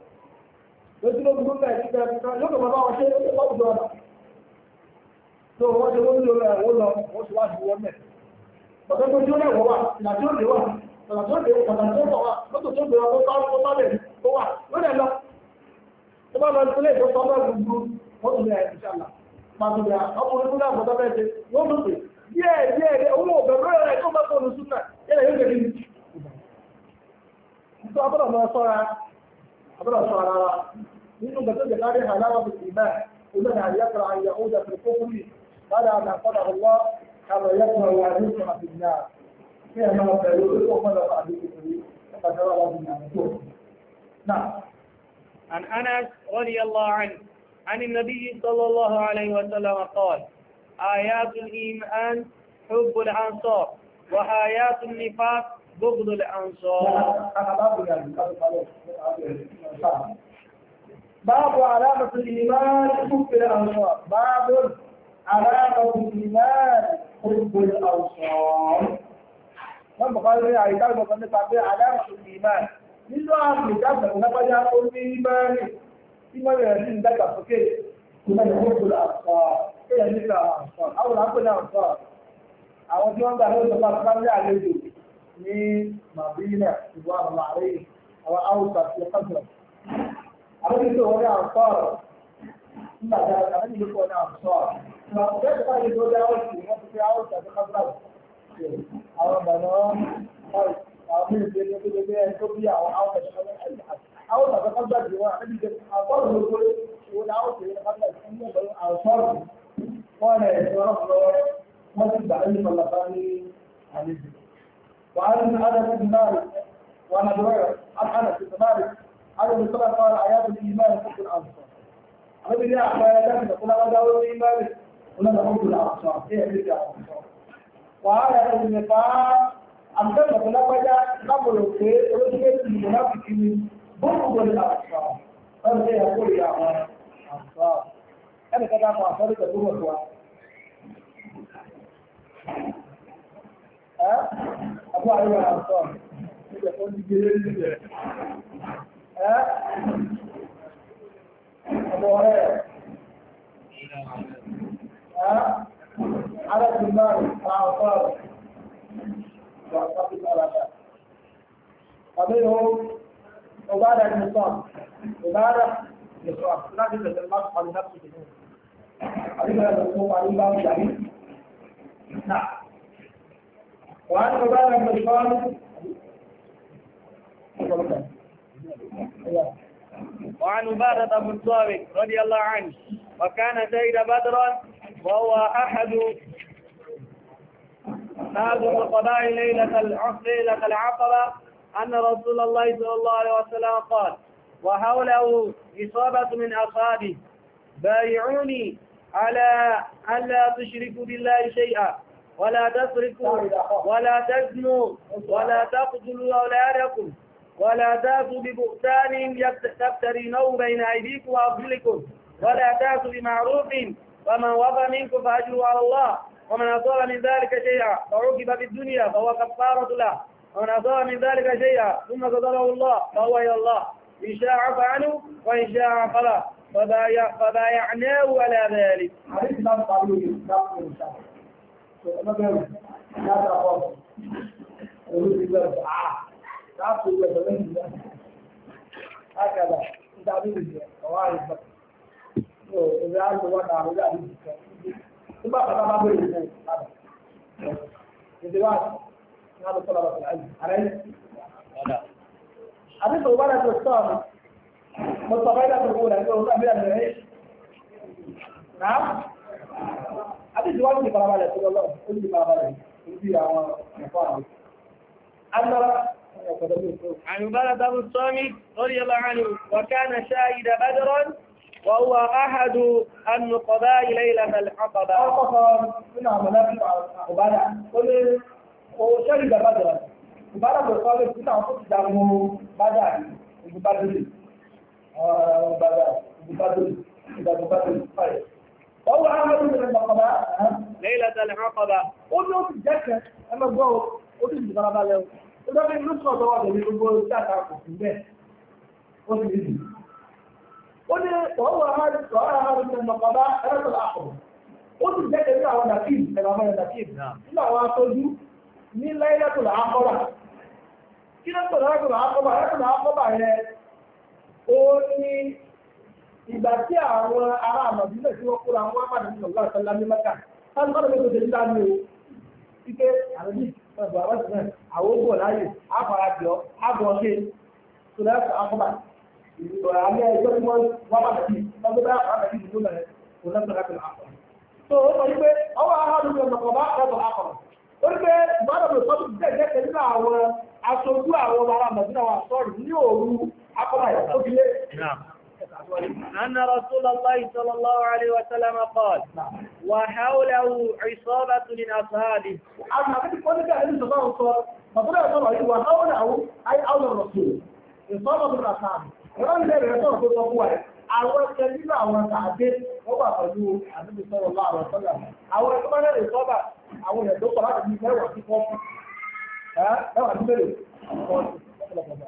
lójúlógún bẹ́ẹ̀ ní bẹ́ẹ̀ nìkan yóò lọ́wọ́ wọn ṣe lọ́wọ́ ọ̀nà tó wọ́n ṣe wọ́n lò rẹ̀ lọ wọ́n ṣe wá sí wọ́n mẹ́ tó lẹ́wọ̀ wà wà wà tó bá tó حضرها شعراء منهم بتجد عليه حلاوة الإيمان قلنا أن يكره أن يعود في الكفر قال أن أنقذه الله كما يكره أن يسمع في النار فيها ما قالوا الكفر وقد فعل الكفر فقد جرى الله نعم عن أنس رضي الله عنه عن النبي صلى الله عليه وسلم قال آيات الإيمان حب الأنصار وآيات النفاق gbogbo lè àǹsọ́ báàbù aláàbàtù ìmáàlì kúkú lè àǹsọ́ báàbù aláàbàtù ìmáàlì kúkú lè àǹsọ́ wọ́n bọ̀kọ́ lórí àìdáàbọ̀ kan nípa pé aláàbàtù ìmáàlì nínú àmì ìdáàbọ̀ lápájá ó ní ìmáàlì tí wọ́n rẹ̀ sí ìdájà sókè kò mẹ́rin kúkú lè àǹsọ́ kéèyàn nílò àǹsọ́ àwọn àpẹẹrẹ àǹsọ́ àwọn tí wọ́n gbà lóṣù pàṣípàṣẹ اثنين ما بينا جوار الله عليه او اوصل في قصر عربي تقول يا انصار ما كان عربي تقول يا انصار فكيف قال يقول يا اوصي ما في اوصل في قصر او بنا طيب عربي تقول يا انصار او اوصل في قصر او في قصر جوار عربي تقول يا انصار يقول يا اوصي في قصر انصار وانا يا رب ما تبدا علم الله عن الذكر وعن عدد بن مالك وعن ابي هريره عن انس بن مالك عن النبي صلى قال عليه الايمان حب الانصار النبي جاء على ذلك قلنا غدا الايمان قلنا حب الانصار ايه اللي إيه، إيه، إيه، وعلى النفاق ان tó في lábòrò قبل oríṣiríṣi ìlú láti في ni bóògùn ní àṣà lọ́dún tó yẹ kó rí àwọn àṣà ẹnì kan dáhùn àṣà lóṣèlú wọ̀ tó Àbú àríwá àtọ́, ìjẹ̀ fún ti gẹ́rẹ́ ìjẹ̀. Ọmọ rẹ̀, arákùnmá àpáà wà sábí àràdà. Àbí ó, ọba rẹ̀ ní sọ́n, ọba rẹ̀ ní sọ́n, láti lẹ̀lẹ̀ máa pàdé láti ìdíjú. Àbí bẹ̀rẹ̀ lọ́wọ́ àríwá ìjàrí. Náà. وعن عبادة بن صالح وعن بن رضي الله عنه وكان شهد بدرا وهو أحد هذا القضاء ليلة ليلة العقبة أن رسول الله صلى الله عليه وسلم قال وحوله إصابة من أصحابه بايعوني على ألا تشركوا بالله شيئا ولا تسرقوا ولا تزنوا ولا تقتلوا أولادكم ولا تأتوا ببهتان تفترينه بين أيديكم وأرجلكم ولا تأتوا بمعروف ومن وضى منكم فأجره على الله ومن أصاب من ذلك شيئا فعوقب في الدنيا فهو كفارة له ومن أصاب من ذلك شيئا ثم قدره الله فهو إلى الله إن شاء عفى عنه وإن شاء عفى له فبايعناه على ذلك ọmọbẹ̀rẹ̀ látàkọ́ ẹ̀rú ti bẹ̀rẹ̀ àá láti bẹ̀rẹ̀ lẹ́yìn náà lákàlà nítorí ìjẹ ọwọ́ àìsàn tó ìrẹ àlùwà náà àlùwà àti ìjìká nígbà bàbá bá bẹ̀rẹ̀ ìjẹ padà ìdíwà náà ló sọ̀rọ̀ àti àyè àrẹ àti tó bá dàgbà sọ̀rọ̀ mo sọ̀rọ̀ ìdàgbà kúrò náà nígbà tó bá bẹ̀rẹ̀ náà àdéhùn wájú ìfarabalẹ̀ tó lọ́wọ́ ó ní ìfarabalẹ̀ ó bí àwọn ẹ̀kọ́ àwọn. agbára عن بلد بن الصامت رضي الله عنه وكان شاهد بدرا وهو أحد النقباء ليلة العقبة. عقبة من عملات عقبة قل وشهد بدرا عبارة بن الصامت من عقبة دعمه بدر بدر بدر بدر بدر بدر ọwọ́ ahmed bin al-Aqaba Laylat al-Aqaba ó o ó ti jẹ́ kẹ́ ẹ máa gbọ́ ó ti jù kára balẹ̀ ìgbà tí àwọn ará àmàbí náà tí wọ́n kóra wọn wá nínú ọ̀gá àtàlá ní mẹ́ta táwọn bọ́dọ̀ mẹ́ta tẹ̀lé dáa ní o ike àrẹ́bí ọ̀gbọ̀n àwọn ìsìn àwọn ògbò láàyè àfàràjọ àbọ̀ọ̀ṣe tòlẹ́ àkọ́bà ìrọ̀lẹ́ alẹ́ ẹjọ́ tí wọ́n wá pàdé bá kò tó أن رسول الله صلى الله عليه وسلم قال وحوله عصابة من أصحابه أما كنت قلت لك أن الله صار فطلع طلع وحوله أي أولى الرسول عصابة من أصحابه وأنا لا يصير في الصفوة àwọn kẹlílà àwọn tàbí wọ́n wà pẹ̀lú àdúgbò sọ́rọ̀ láàrọ̀ sọ́lá àwọn ẹ̀kọ́ máa lè sọ́bà àwọn ẹ̀dọ́ pọ̀ láti ní mẹ́wàá sí fọ́ọ̀mù ẹ̀wà sí mẹ́lẹ̀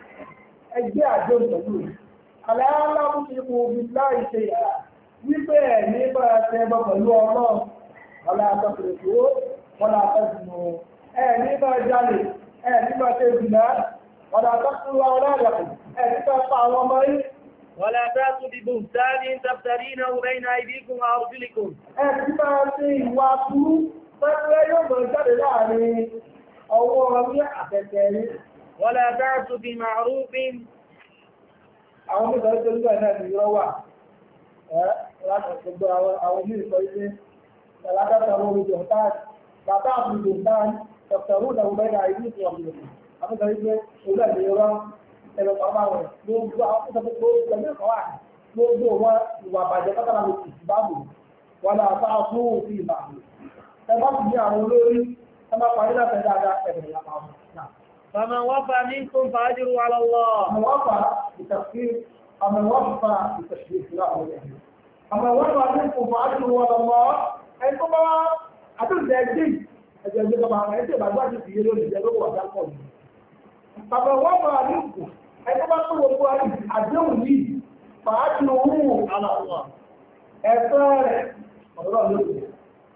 ẹgbẹ́ àjọ ìtọ́jú aláàlá mú ti kú bí láì ṣe yà wípé ẹ̀ ní bá a ṣe bọ́ pẹ̀lú ọmọ ọlá àtọ́kùnrin tó wọ́n àtọ́kùnrin o ẹ̀ ní bá a jalè ẹ̀ ní bá a ṣe jùlá ọ̀nà àtọ́kùnrin ọlá àjàkùn ẹ̀ ní bá a pa àwọn ọmọ yìí. ولا تأتوا ببهتان تفترينه بين أيديكم وأرجلكم. Ẹ ti máa ṣe ìwà burú, pẹ́pẹ́ yóò mọ̀ jáde láàrin ولا بعث بمعروف àwọn mẹ́ta ló tẹ́lú báyìí náà nìyọ́ wà látàkùgbọ́ àwọn mí sọ ilé alákàtà lórí jọ̀ntán bàbá àti jọ̀ntán tọ̀tọ̀rù ìdàgbò bẹ́ẹ̀ náà ìlú ìtàn ọ̀gbìn àwọn sọ wípé olú ẹ̀dẹ̀ yọrọ ẹ̀rọ pàápàá rẹ̀ gbogbo àwọn tó gbogbo ìgbàlẹ̀ ẹ̀kọ́ wà gbogbo wọn ìwà bàjẹ́ pátánà ló ti báàbò wọn là bá fún òfin ìbàbò ẹ bá sì ní àwọn olórí ẹ má parí láti ẹ dáadáa ẹ̀rọ ìlànà àwọn náà. فمن وفى منكم فأجروا على الله من وفى بتخفيف أمن وفى بتشريف له أمن وفى منكم فأجروا على الله أنتم أتون ذاتي ẹjẹ ẹjẹ bàbá àwọn ẹjẹ bàbá ti fi yẹlẹ olùjẹ lówó ọjà pọ yìí bàbá wọn bá ní kù ẹjẹ bá tó gbogbo àdéhùn yìí fàájì òun àlàwà ẹ̀fẹ́ rẹ̀ ọ̀rọ̀ lóde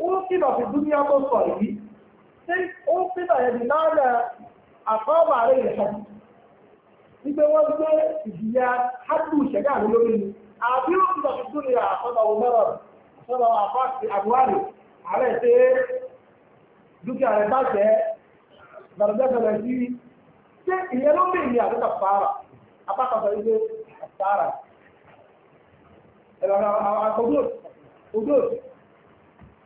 أوقف في الدنيا كالصيد أوقف بمعنى أقام عليه الحد nígbẹ́ wọ́n gbé ìjìyà hádù ṣẹ̀dá mi lórí àbí ó ti lọ́sí dúró yà àsọ́dọ̀ ọmọrọ̀ àsọ́dọ̀ àfáàsì àbúhárì ààrẹ ṣe dúkìá rẹ̀ bá jẹ́ gbàdúgbàdúgbà sí ṣé ìyẹn ló bèèrè ilé ẹ̀rọ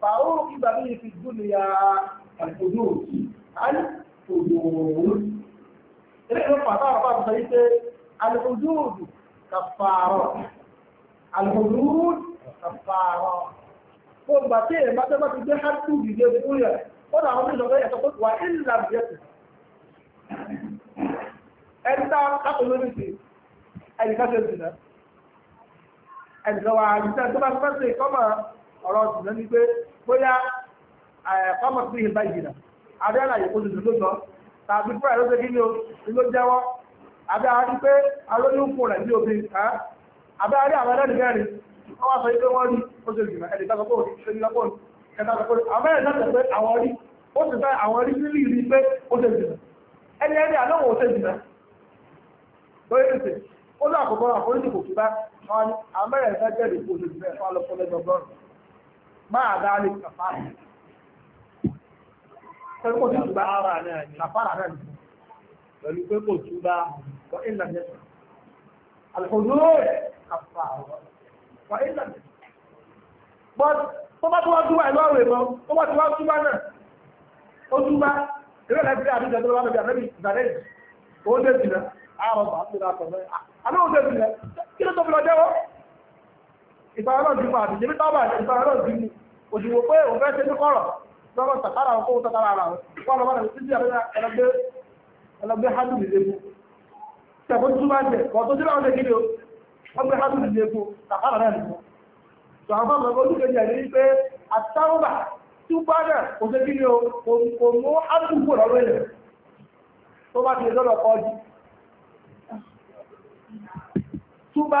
fàáwó ìgbàgbé yìí fi gbúdọ̀ ya àìkòdó òkè àìkòdó òun. ilé ìwé pàtó àwọn bàbá sọ yìí pé àìkòdó òdù kàfàrọ̀ àìkòdó òdù kàfàrọ̀. fún ìgbà tí èèmà tó bá ti gbé hàtú ìdílé fún yẹn ó dà wọn ní ìjọba yẹn tó kó wà ní ọ̀rọ̀ ṣùgbọ́n ní pé bóyá fọ́mọ̀ sí ìhìn báyìí nà abẹ́ àlàyé kó tuntun lójọ tàbí fúra ló ṣe kí ni o ló jẹ́wọ́ abẹ́ àrí pé alóyún fún rẹ̀ ní obìnrin ká abẹ́ àrí àwọn ẹlẹ́rìí mẹ́rin wọ́n wá sọ pé wọ́n rí ó ṣe jùlọ ẹ̀dẹ̀ tàbí kó ṣe ní lọ́pọ̀ ẹ̀dẹ̀ tàbí kó àwọn ẹ̀dẹ̀ tàbí pé àwọn rí ó sì fẹ́ àwọn rí sí rí pé ó ṣe jùlọ ẹni ẹni àlọ́wọ̀ ó ṣe jùlọ lórí ìsìn ó lọ àkọ́kọ́ àforíjì kò tún bá wọn àmẹ́rẹ̀ ẹ̀fẹ́ jẹ́rìí kó ṣe jùlọ ẹ̀fọ́ alọ́pọ̀ lẹ́gbẹ̀ẹ́ máa dáálé kàfàrà pẹ́kọ̀ tí túbá ara náà ni kàfàrà náà ni pẹ̀lú pẹ́kọ̀ túbá wọ́n ilẹ̀ mẹ́ta alùpùpù kàfàrà wọ́n ilẹ̀ mẹ́ta ìpàrọ̀lọ́dún máa bìí tábà ìpàrọ̀lọ́dún mú òṣìwò pé òun fẹ́ ṣe ní kọ́rọ̀ lọ́rọ̀ tàkàrà ọkọ̀ tàkàrà ara wọn lọ́wọ́ rẹ̀ títí ẹlẹgbẹ́ ẹlẹgbẹ́ hadu nílé fún tẹ̀kọ́ tó bá jẹ kọ́ tó tí láwọn lẹ́gbẹ́ ọgbẹ́ hadu nílé fún tàkàrà rẹ̀ nìkan tó àwọn ọmọ ọmọ olùkẹ́ jẹ́ ní pé àtàwọ̀bà tí ó bá rẹ̀ kò ṣe kíni o kò mú hadu kúrò lọ́rọ̀ ilẹ̀ tó bá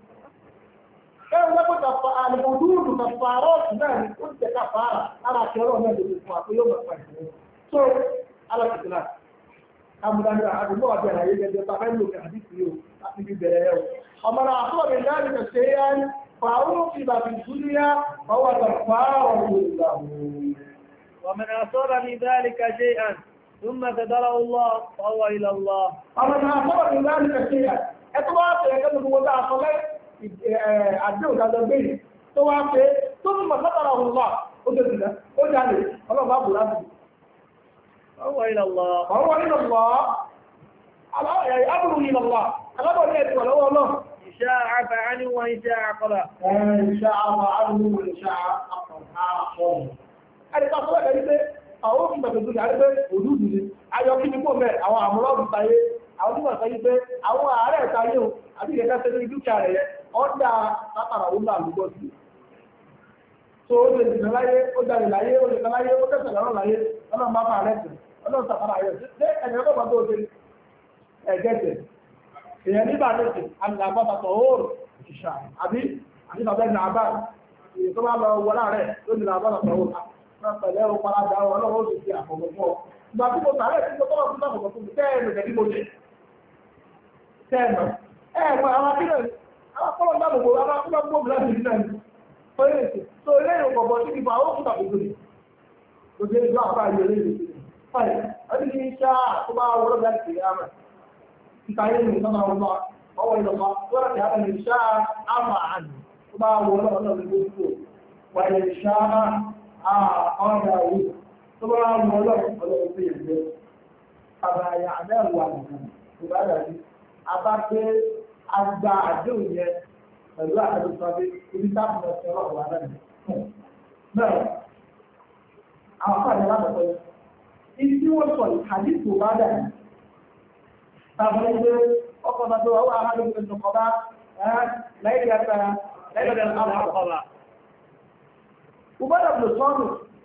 ẹ̀rọ lọ́pọ̀ àlùbọ̀dúrùdù kàfàrọ́ọ̀tù náà ni ó jẹ́ kàfàrà ara àti ọlọ́run náà lórí fún àpéyọ́ bàbá ìṣòro tó alákìtìlá amúdánilá àdúgbò àti àlàyé gẹ́gẹ́ bàbá ìlú òkè àdìsí o àti ibi bẹ̀rẹ̀ ẹ̀ o ọmọ náà àtúwọ̀ mi láti ṣe é yá fàáwọ́ fi bàbí ìdúnyá fọwọ́ àtàkùfàárọ̀ ومن أصاب من ذلك شيئا ثم تدرى الله فهو إلى الله. ومن أصاب من ذلك شيئا. إطلاق يقدم هو ذا àdéhùn dájọ́ gbé yìí tó wá pé tó ní mọ̀sátàrà òun wà ó tó a ó jáde ọlọ́pàá bò láti. ọwọ́ ilẹ̀ lọ. ọwọ́ ilẹ̀ lọ. abúrú ilẹ̀ ní ẹ̀tọ́ lọ́wọ́ lọ. ìṣe àfẹ́ àní wọn iṣẹ́ àkọlà. àwọn wọn iṣẹ́ àkọlà. ẹni tó pé àwọn òfin tó yàrá pé kí ni àwọn ọ̀dà látara ụlọ náà sí so ó lè dìnnà láyé ó jalè láyé ó lè dìnnà láyé ó tẹ̀sẹ̀ lọ́rọ̀ láyé ọlọ́run bá fà rẹ̀ ọlọ́run sàfàrà ayọ̀ ṣe ẹ̀yìn ọkọ̀ bá tó ṣe ẹ̀jẹ̀ èèyàn ní bàbá ìṣà àbí àbí bàbá ẹ̀nà àbá tó bá lọ wọ láàrẹ̀ akọ́lọ̀ náà gbogbo wa kọ́lọ̀ gbogbo bíláàdì yìí náà ni ó yẹ èsì tó ilé ìrìn kọ̀ọ̀bọ̀ sí ìfà ó kúta gbogbo ni kò dé ìlú àpá ìlú ilé ìlú fàyè ẹni ní iṣẹ́ tó bá wọlé bí láti ṣe àmà ìta yẹn ní ìtàn àwọn ọwọ́ ìlọ́pàá tó agba àdéhùn yẹn pẹ̀lú àtẹ̀lẹ́sọ́dé ibi táàbù ọ̀sẹ̀ ọlọ́run wà lẹ́nu. bẹ́ẹ̀ àwọn fàdé lábẹ́pẹ́ ibi tí wọ́n sọ ìkàdí tó bá dà ní. tàbí ọkọ̀ wà lóko ẹ̀sùn lẹ́yìn lẹ́yìn lọ́wọ́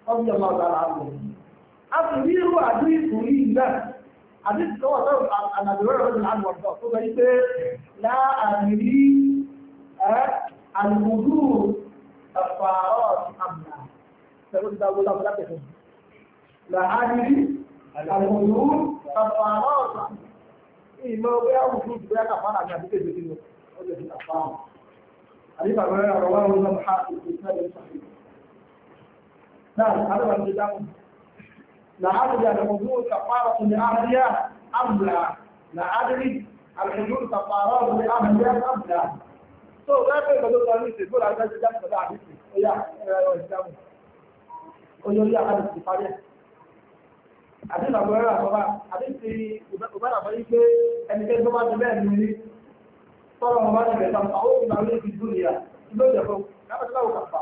Sọ́ọ̀nù A حديث هو طيب عن ابي هريره رضي الله عنه وارضاه هو إيه؟ آه، لا ادري الوجود الطهارات ام لا فقلت له لا ولا تفهم لا ادري الوجود الطهارات إيه ما هو بيها وجود بيها كفاره عشان كده كده قلت له الطهارات حديث ابي هريره رواه ابن حاتم في سنه صحيح نعم هذا هو الكلام لعدل الحضور كفارة لأهلها أم لا لعدل الحضور كفارة لأهلها أم لا so láti ẹgbẹ́ tó sọ ní ìsìn bó láti ẹgbẹ́ jáde pẹ̀lú àdìsí ọyá ẹ̀rọ ìjáwó oyè orí àdìsí parí ẹ̀ àdìsí àbúrò ẹ̀rọ àbọ̀bá àdìsí ìbára fọ́ yí pé ẹni tẹ́ tó bá ti bẹ́ẹ̀ ní rí tọ́lọ́ ọmọ bá ti bẹ̀ẹ̀ tàbí àwọn òbí máa ń lé ti dúró nìyà ìlú ìjẹ̀fọ́ lábẹ́ tó bá wò kàfà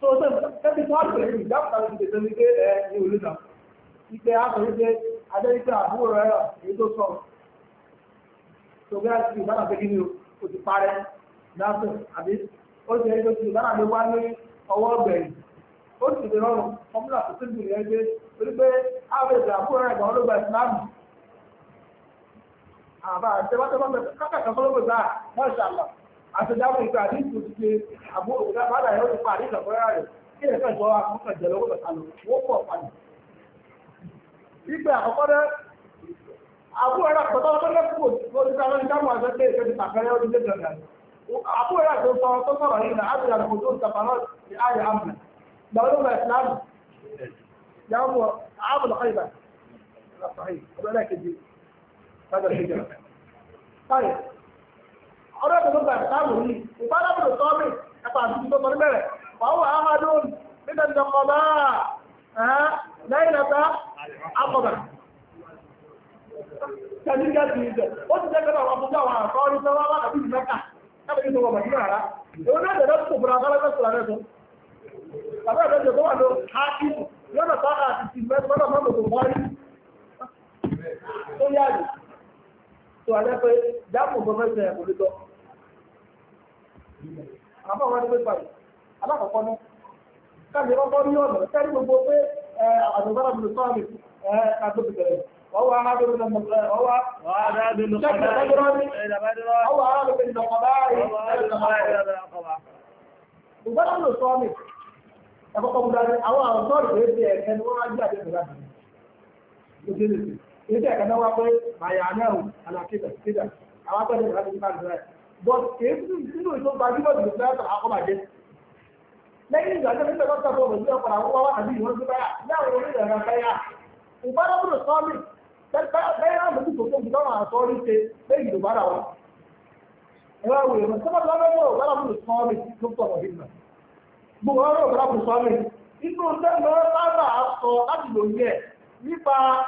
tó sọ kẹ́bí tó àgbẹ̀ yìí dákùtà lójú tètè ní pé ẹ ní òlú náà ìpè àtọ̀ yìí pé adẹ́yíkẹ́ àbúrò rẹ̀ èyí tó sọ tó bí a ti ìbára pé kí ni o ti parẹ́ dáàbò àbí ó ti ẹni tó ti ìbára lé wá ní ọwọ́ ọgbẹ̀yìn ó sì ti rọrùn fọmúlà tó tẹ́lẹ̀ yẹn gbé torí pé àtẹ̀dáwọ̀ ìgbà àti ìtò ti ṣe àbúrò ìdábàdà ẹ̀rọ nípa àti ìtàkùrẹ́ rẹ̀ kí ẹ̀ fẹ́ jọ àkókò jẹ lọ́wọ́ lọ́sàlọ̀ wọ́n pọ̀ padà. Ìgbà àkọ́kọ́ rẹ̀ àbúrò rẹ̀ pẹ̀tọ́ tó lẹ́kùn kò ti sáré dáhùn àṣẹ pé ìfẹ́ ti tàkẹ́rẹ́ ọdún lé dandan. Àbúrò rẹ̀ tó sọ tó sọ̀rọ̀ yìí náà àbúrò àkókò tó sàfà náà ti àyè àmì. Gbàgbọ́ ló bẹ̀ ìsìlámù. Yàwó àbúrò àyè ọdọ́ tó gbà sáàmù ní ìpálábùdó tọ́mì ẹ̀pà àti tó tọ́ níbẹ̀rẹ̀ fàáwọ̀ ahadun nínú ìdọ̀kọ̀bá lẹ́yìn lọ́ta akọ̀bà tẹ̀lígà ti ìbẹ̀ ó ti jẹ́ kẹ́lá àwọn afúnjá àwọn àkọ́rí sọ́wọ́ wà àbí ìmẹ́ta kábíyí tó wọ màdínà rà èwo náà dẹ̀dọ́ tó fura kọ́lẹ́fẹ́ sọ̀rọ̀ rẹ̀ tó bàbá rẹ̀ tó wà ló hákì yọ̀nà tó àti ti mẹ́tọ́ náà mọ́tò tó mọ́rí tó yáàdì tó alẹ́ pé dáàbò bọ́ mẹ́sẹ̀ kò lè tọ́ àbá wọn ni pé báyìí alákọ̀ọ́kọ́ ní káàdì ọkọ̀ ní ọ̀nà káàdì gbogbo pé àdùnbára bìlù sọ́ọ̀lì àgbègbè bẹ̀rẹ̀ ọwọ́ arábìnrin náà mọ̀ ọwọ́ arábìnrin náà mọ̀ ọwọ́ arábìnrin náà mọ̀ ìgbàlá ló sọ mi ẹ̀kọ́kọ́ mu dáre àwọn àwọn sọ́ọ̀lì tó ṣe ẹ̀kẹ́ ni wọ́n á jẹ́ àdéhùn láti ṣe ṣe ṣe ṣe ẹ̀kẹ́ náà wá pé màyà náà alákéjà kéjà àwọn akẹ́kọ̀ọ́ but a nínú ìtò gbajúmọ̀ ìlú fẹ́ tàbí akọ́bàjẹ́ lẹ́yìn ìgbà tó nípa dọ́kítà tó wọ̀nyí ọ̀pọ̀ àwọn wá àbí ìwọ́n tó báyà ní àwọn orílẹ̀ ẹ̀rọ fẹ́yà ìbárabùrù sọ́ọ̀lì bẹ́ẹ̀ náà lójú tó tó ń gbọ́nà àtọ́rí ṣe lẹ́yìn ìlú bára lọ́wọ́ tó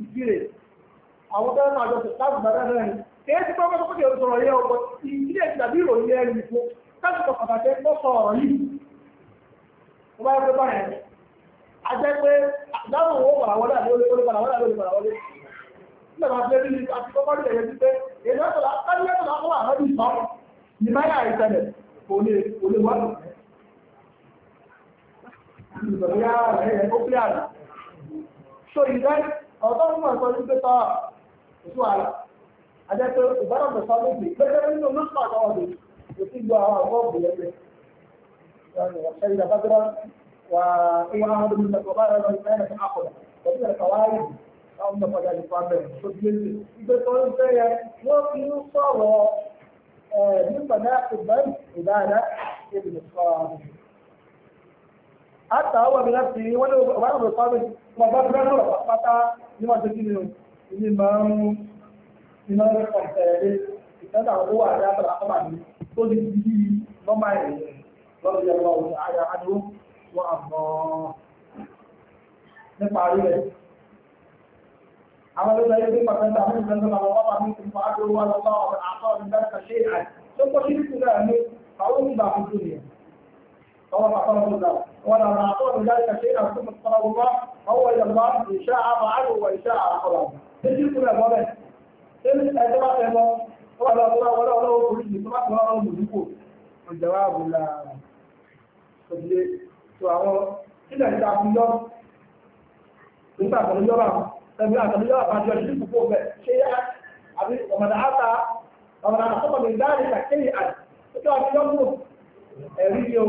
ìdílé àwọn tó máa jọsìn láti gbàdá náà ni ọ̀tọ́ ní mọ̀ ìtọ́jú pé tọ́ òṣù àlà ajẹ́ pé ìbára mọ̀ sọ méjì gbẹ́gbẹ́ nínú mọ́tò àtọwọ́ mi kò sí gbọ́ àwọn àgbọ̀ òbílẹ̀gbẹ̀ ṣẹ́yìn ìdàbàdúrà wà ìwà àwọn ọdún mẹ́ta kọ̀ bá rẹ̀ lọ ìfẹ́ rẹ̀ àkọ̀dà ọdún rẹ̀ kàwáyé àwọn ọmọ padà lè fà bẹ̀rẹ̀ tó di èsì ìgbẹ́ tó ń àtà wà mí láti wọ́n lè wà lọ́dọ̀ sábẹ́ wọn bá fẹ́ lọ́rọ̀ pátá ní wọ́n ti kí ni ìní máa ń iná rẹ̀ kọ̀ǹtẹ̀ẹ́lẹ́ ìtẹ́ta àwọn tó wà ní àtàrà àkọ́bà mi tó ti di bí nọ́mbà ẹ̀ lọ́dọ̀ yẹn lọ́wọ́ òun àyà adó wọn àmọ́ nípa rí rẹ̀. àwọn ọlọ́dọ̀ yẹn ti pàṣẹ ta fún ìfẹ́sọ̀ àwọn bàbá mi ti أو ما طلبوا ذلك ولما أعطوه ذلك شيئا ثم اضطره الله هو إلى الله إن شاء فعله وإن شاء أخره تجي كل أبوابه إن أجمع أبوه ولا الله ولا ولا كل ما ولا ولا مذكور الجواب لا تجي سواء إذا كان يوم nígbà àtàlójọ́bà ẹgbẹ́ àtàlójọ́bà àjọ ìlú púpọ̀ bẹ̀ ṣe yá àbí ọmọdé àtà ọmọdé àtàkọ́kọ̀ lè dáàrí kàkéyì àti ọjọ́ àti ọmọ ẹ̀rí yóò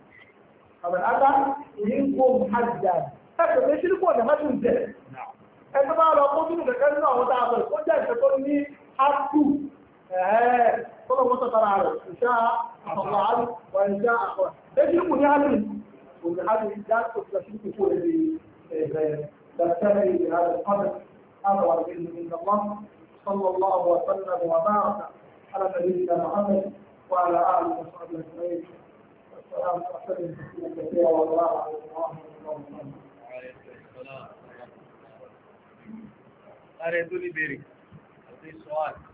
فمن أتى منكم حدا هذا ليش يكون ما تنتهي ẹni bá lọ kó nínú kẹ̀kẹ́ nínú àwọn dáàbò ó jẹ́ ìṣẹ́ tó ní ápù ẹ̀ẹ́ tó lọ́wọ́ tó tara rẹ̀ ìṣẹ́ àkọ́kọ́ àlù wà ìṣẹ́ àkọ́ lẹ́sí kù ní àlù òun ní àlù ìjà tó ti lọ́sí kù kó lè ẹ̀ẹ́ dàtẹ́rẹ́ ìdè àlù ọ̀dọ̀ àlù wà ní ìlú الله صلى الله وسلم وبارك على نبينا محمد وعلى اله وصحبه اجمعين Ààrẹ tó ní bèrè, àti sọ́ọ̀tì.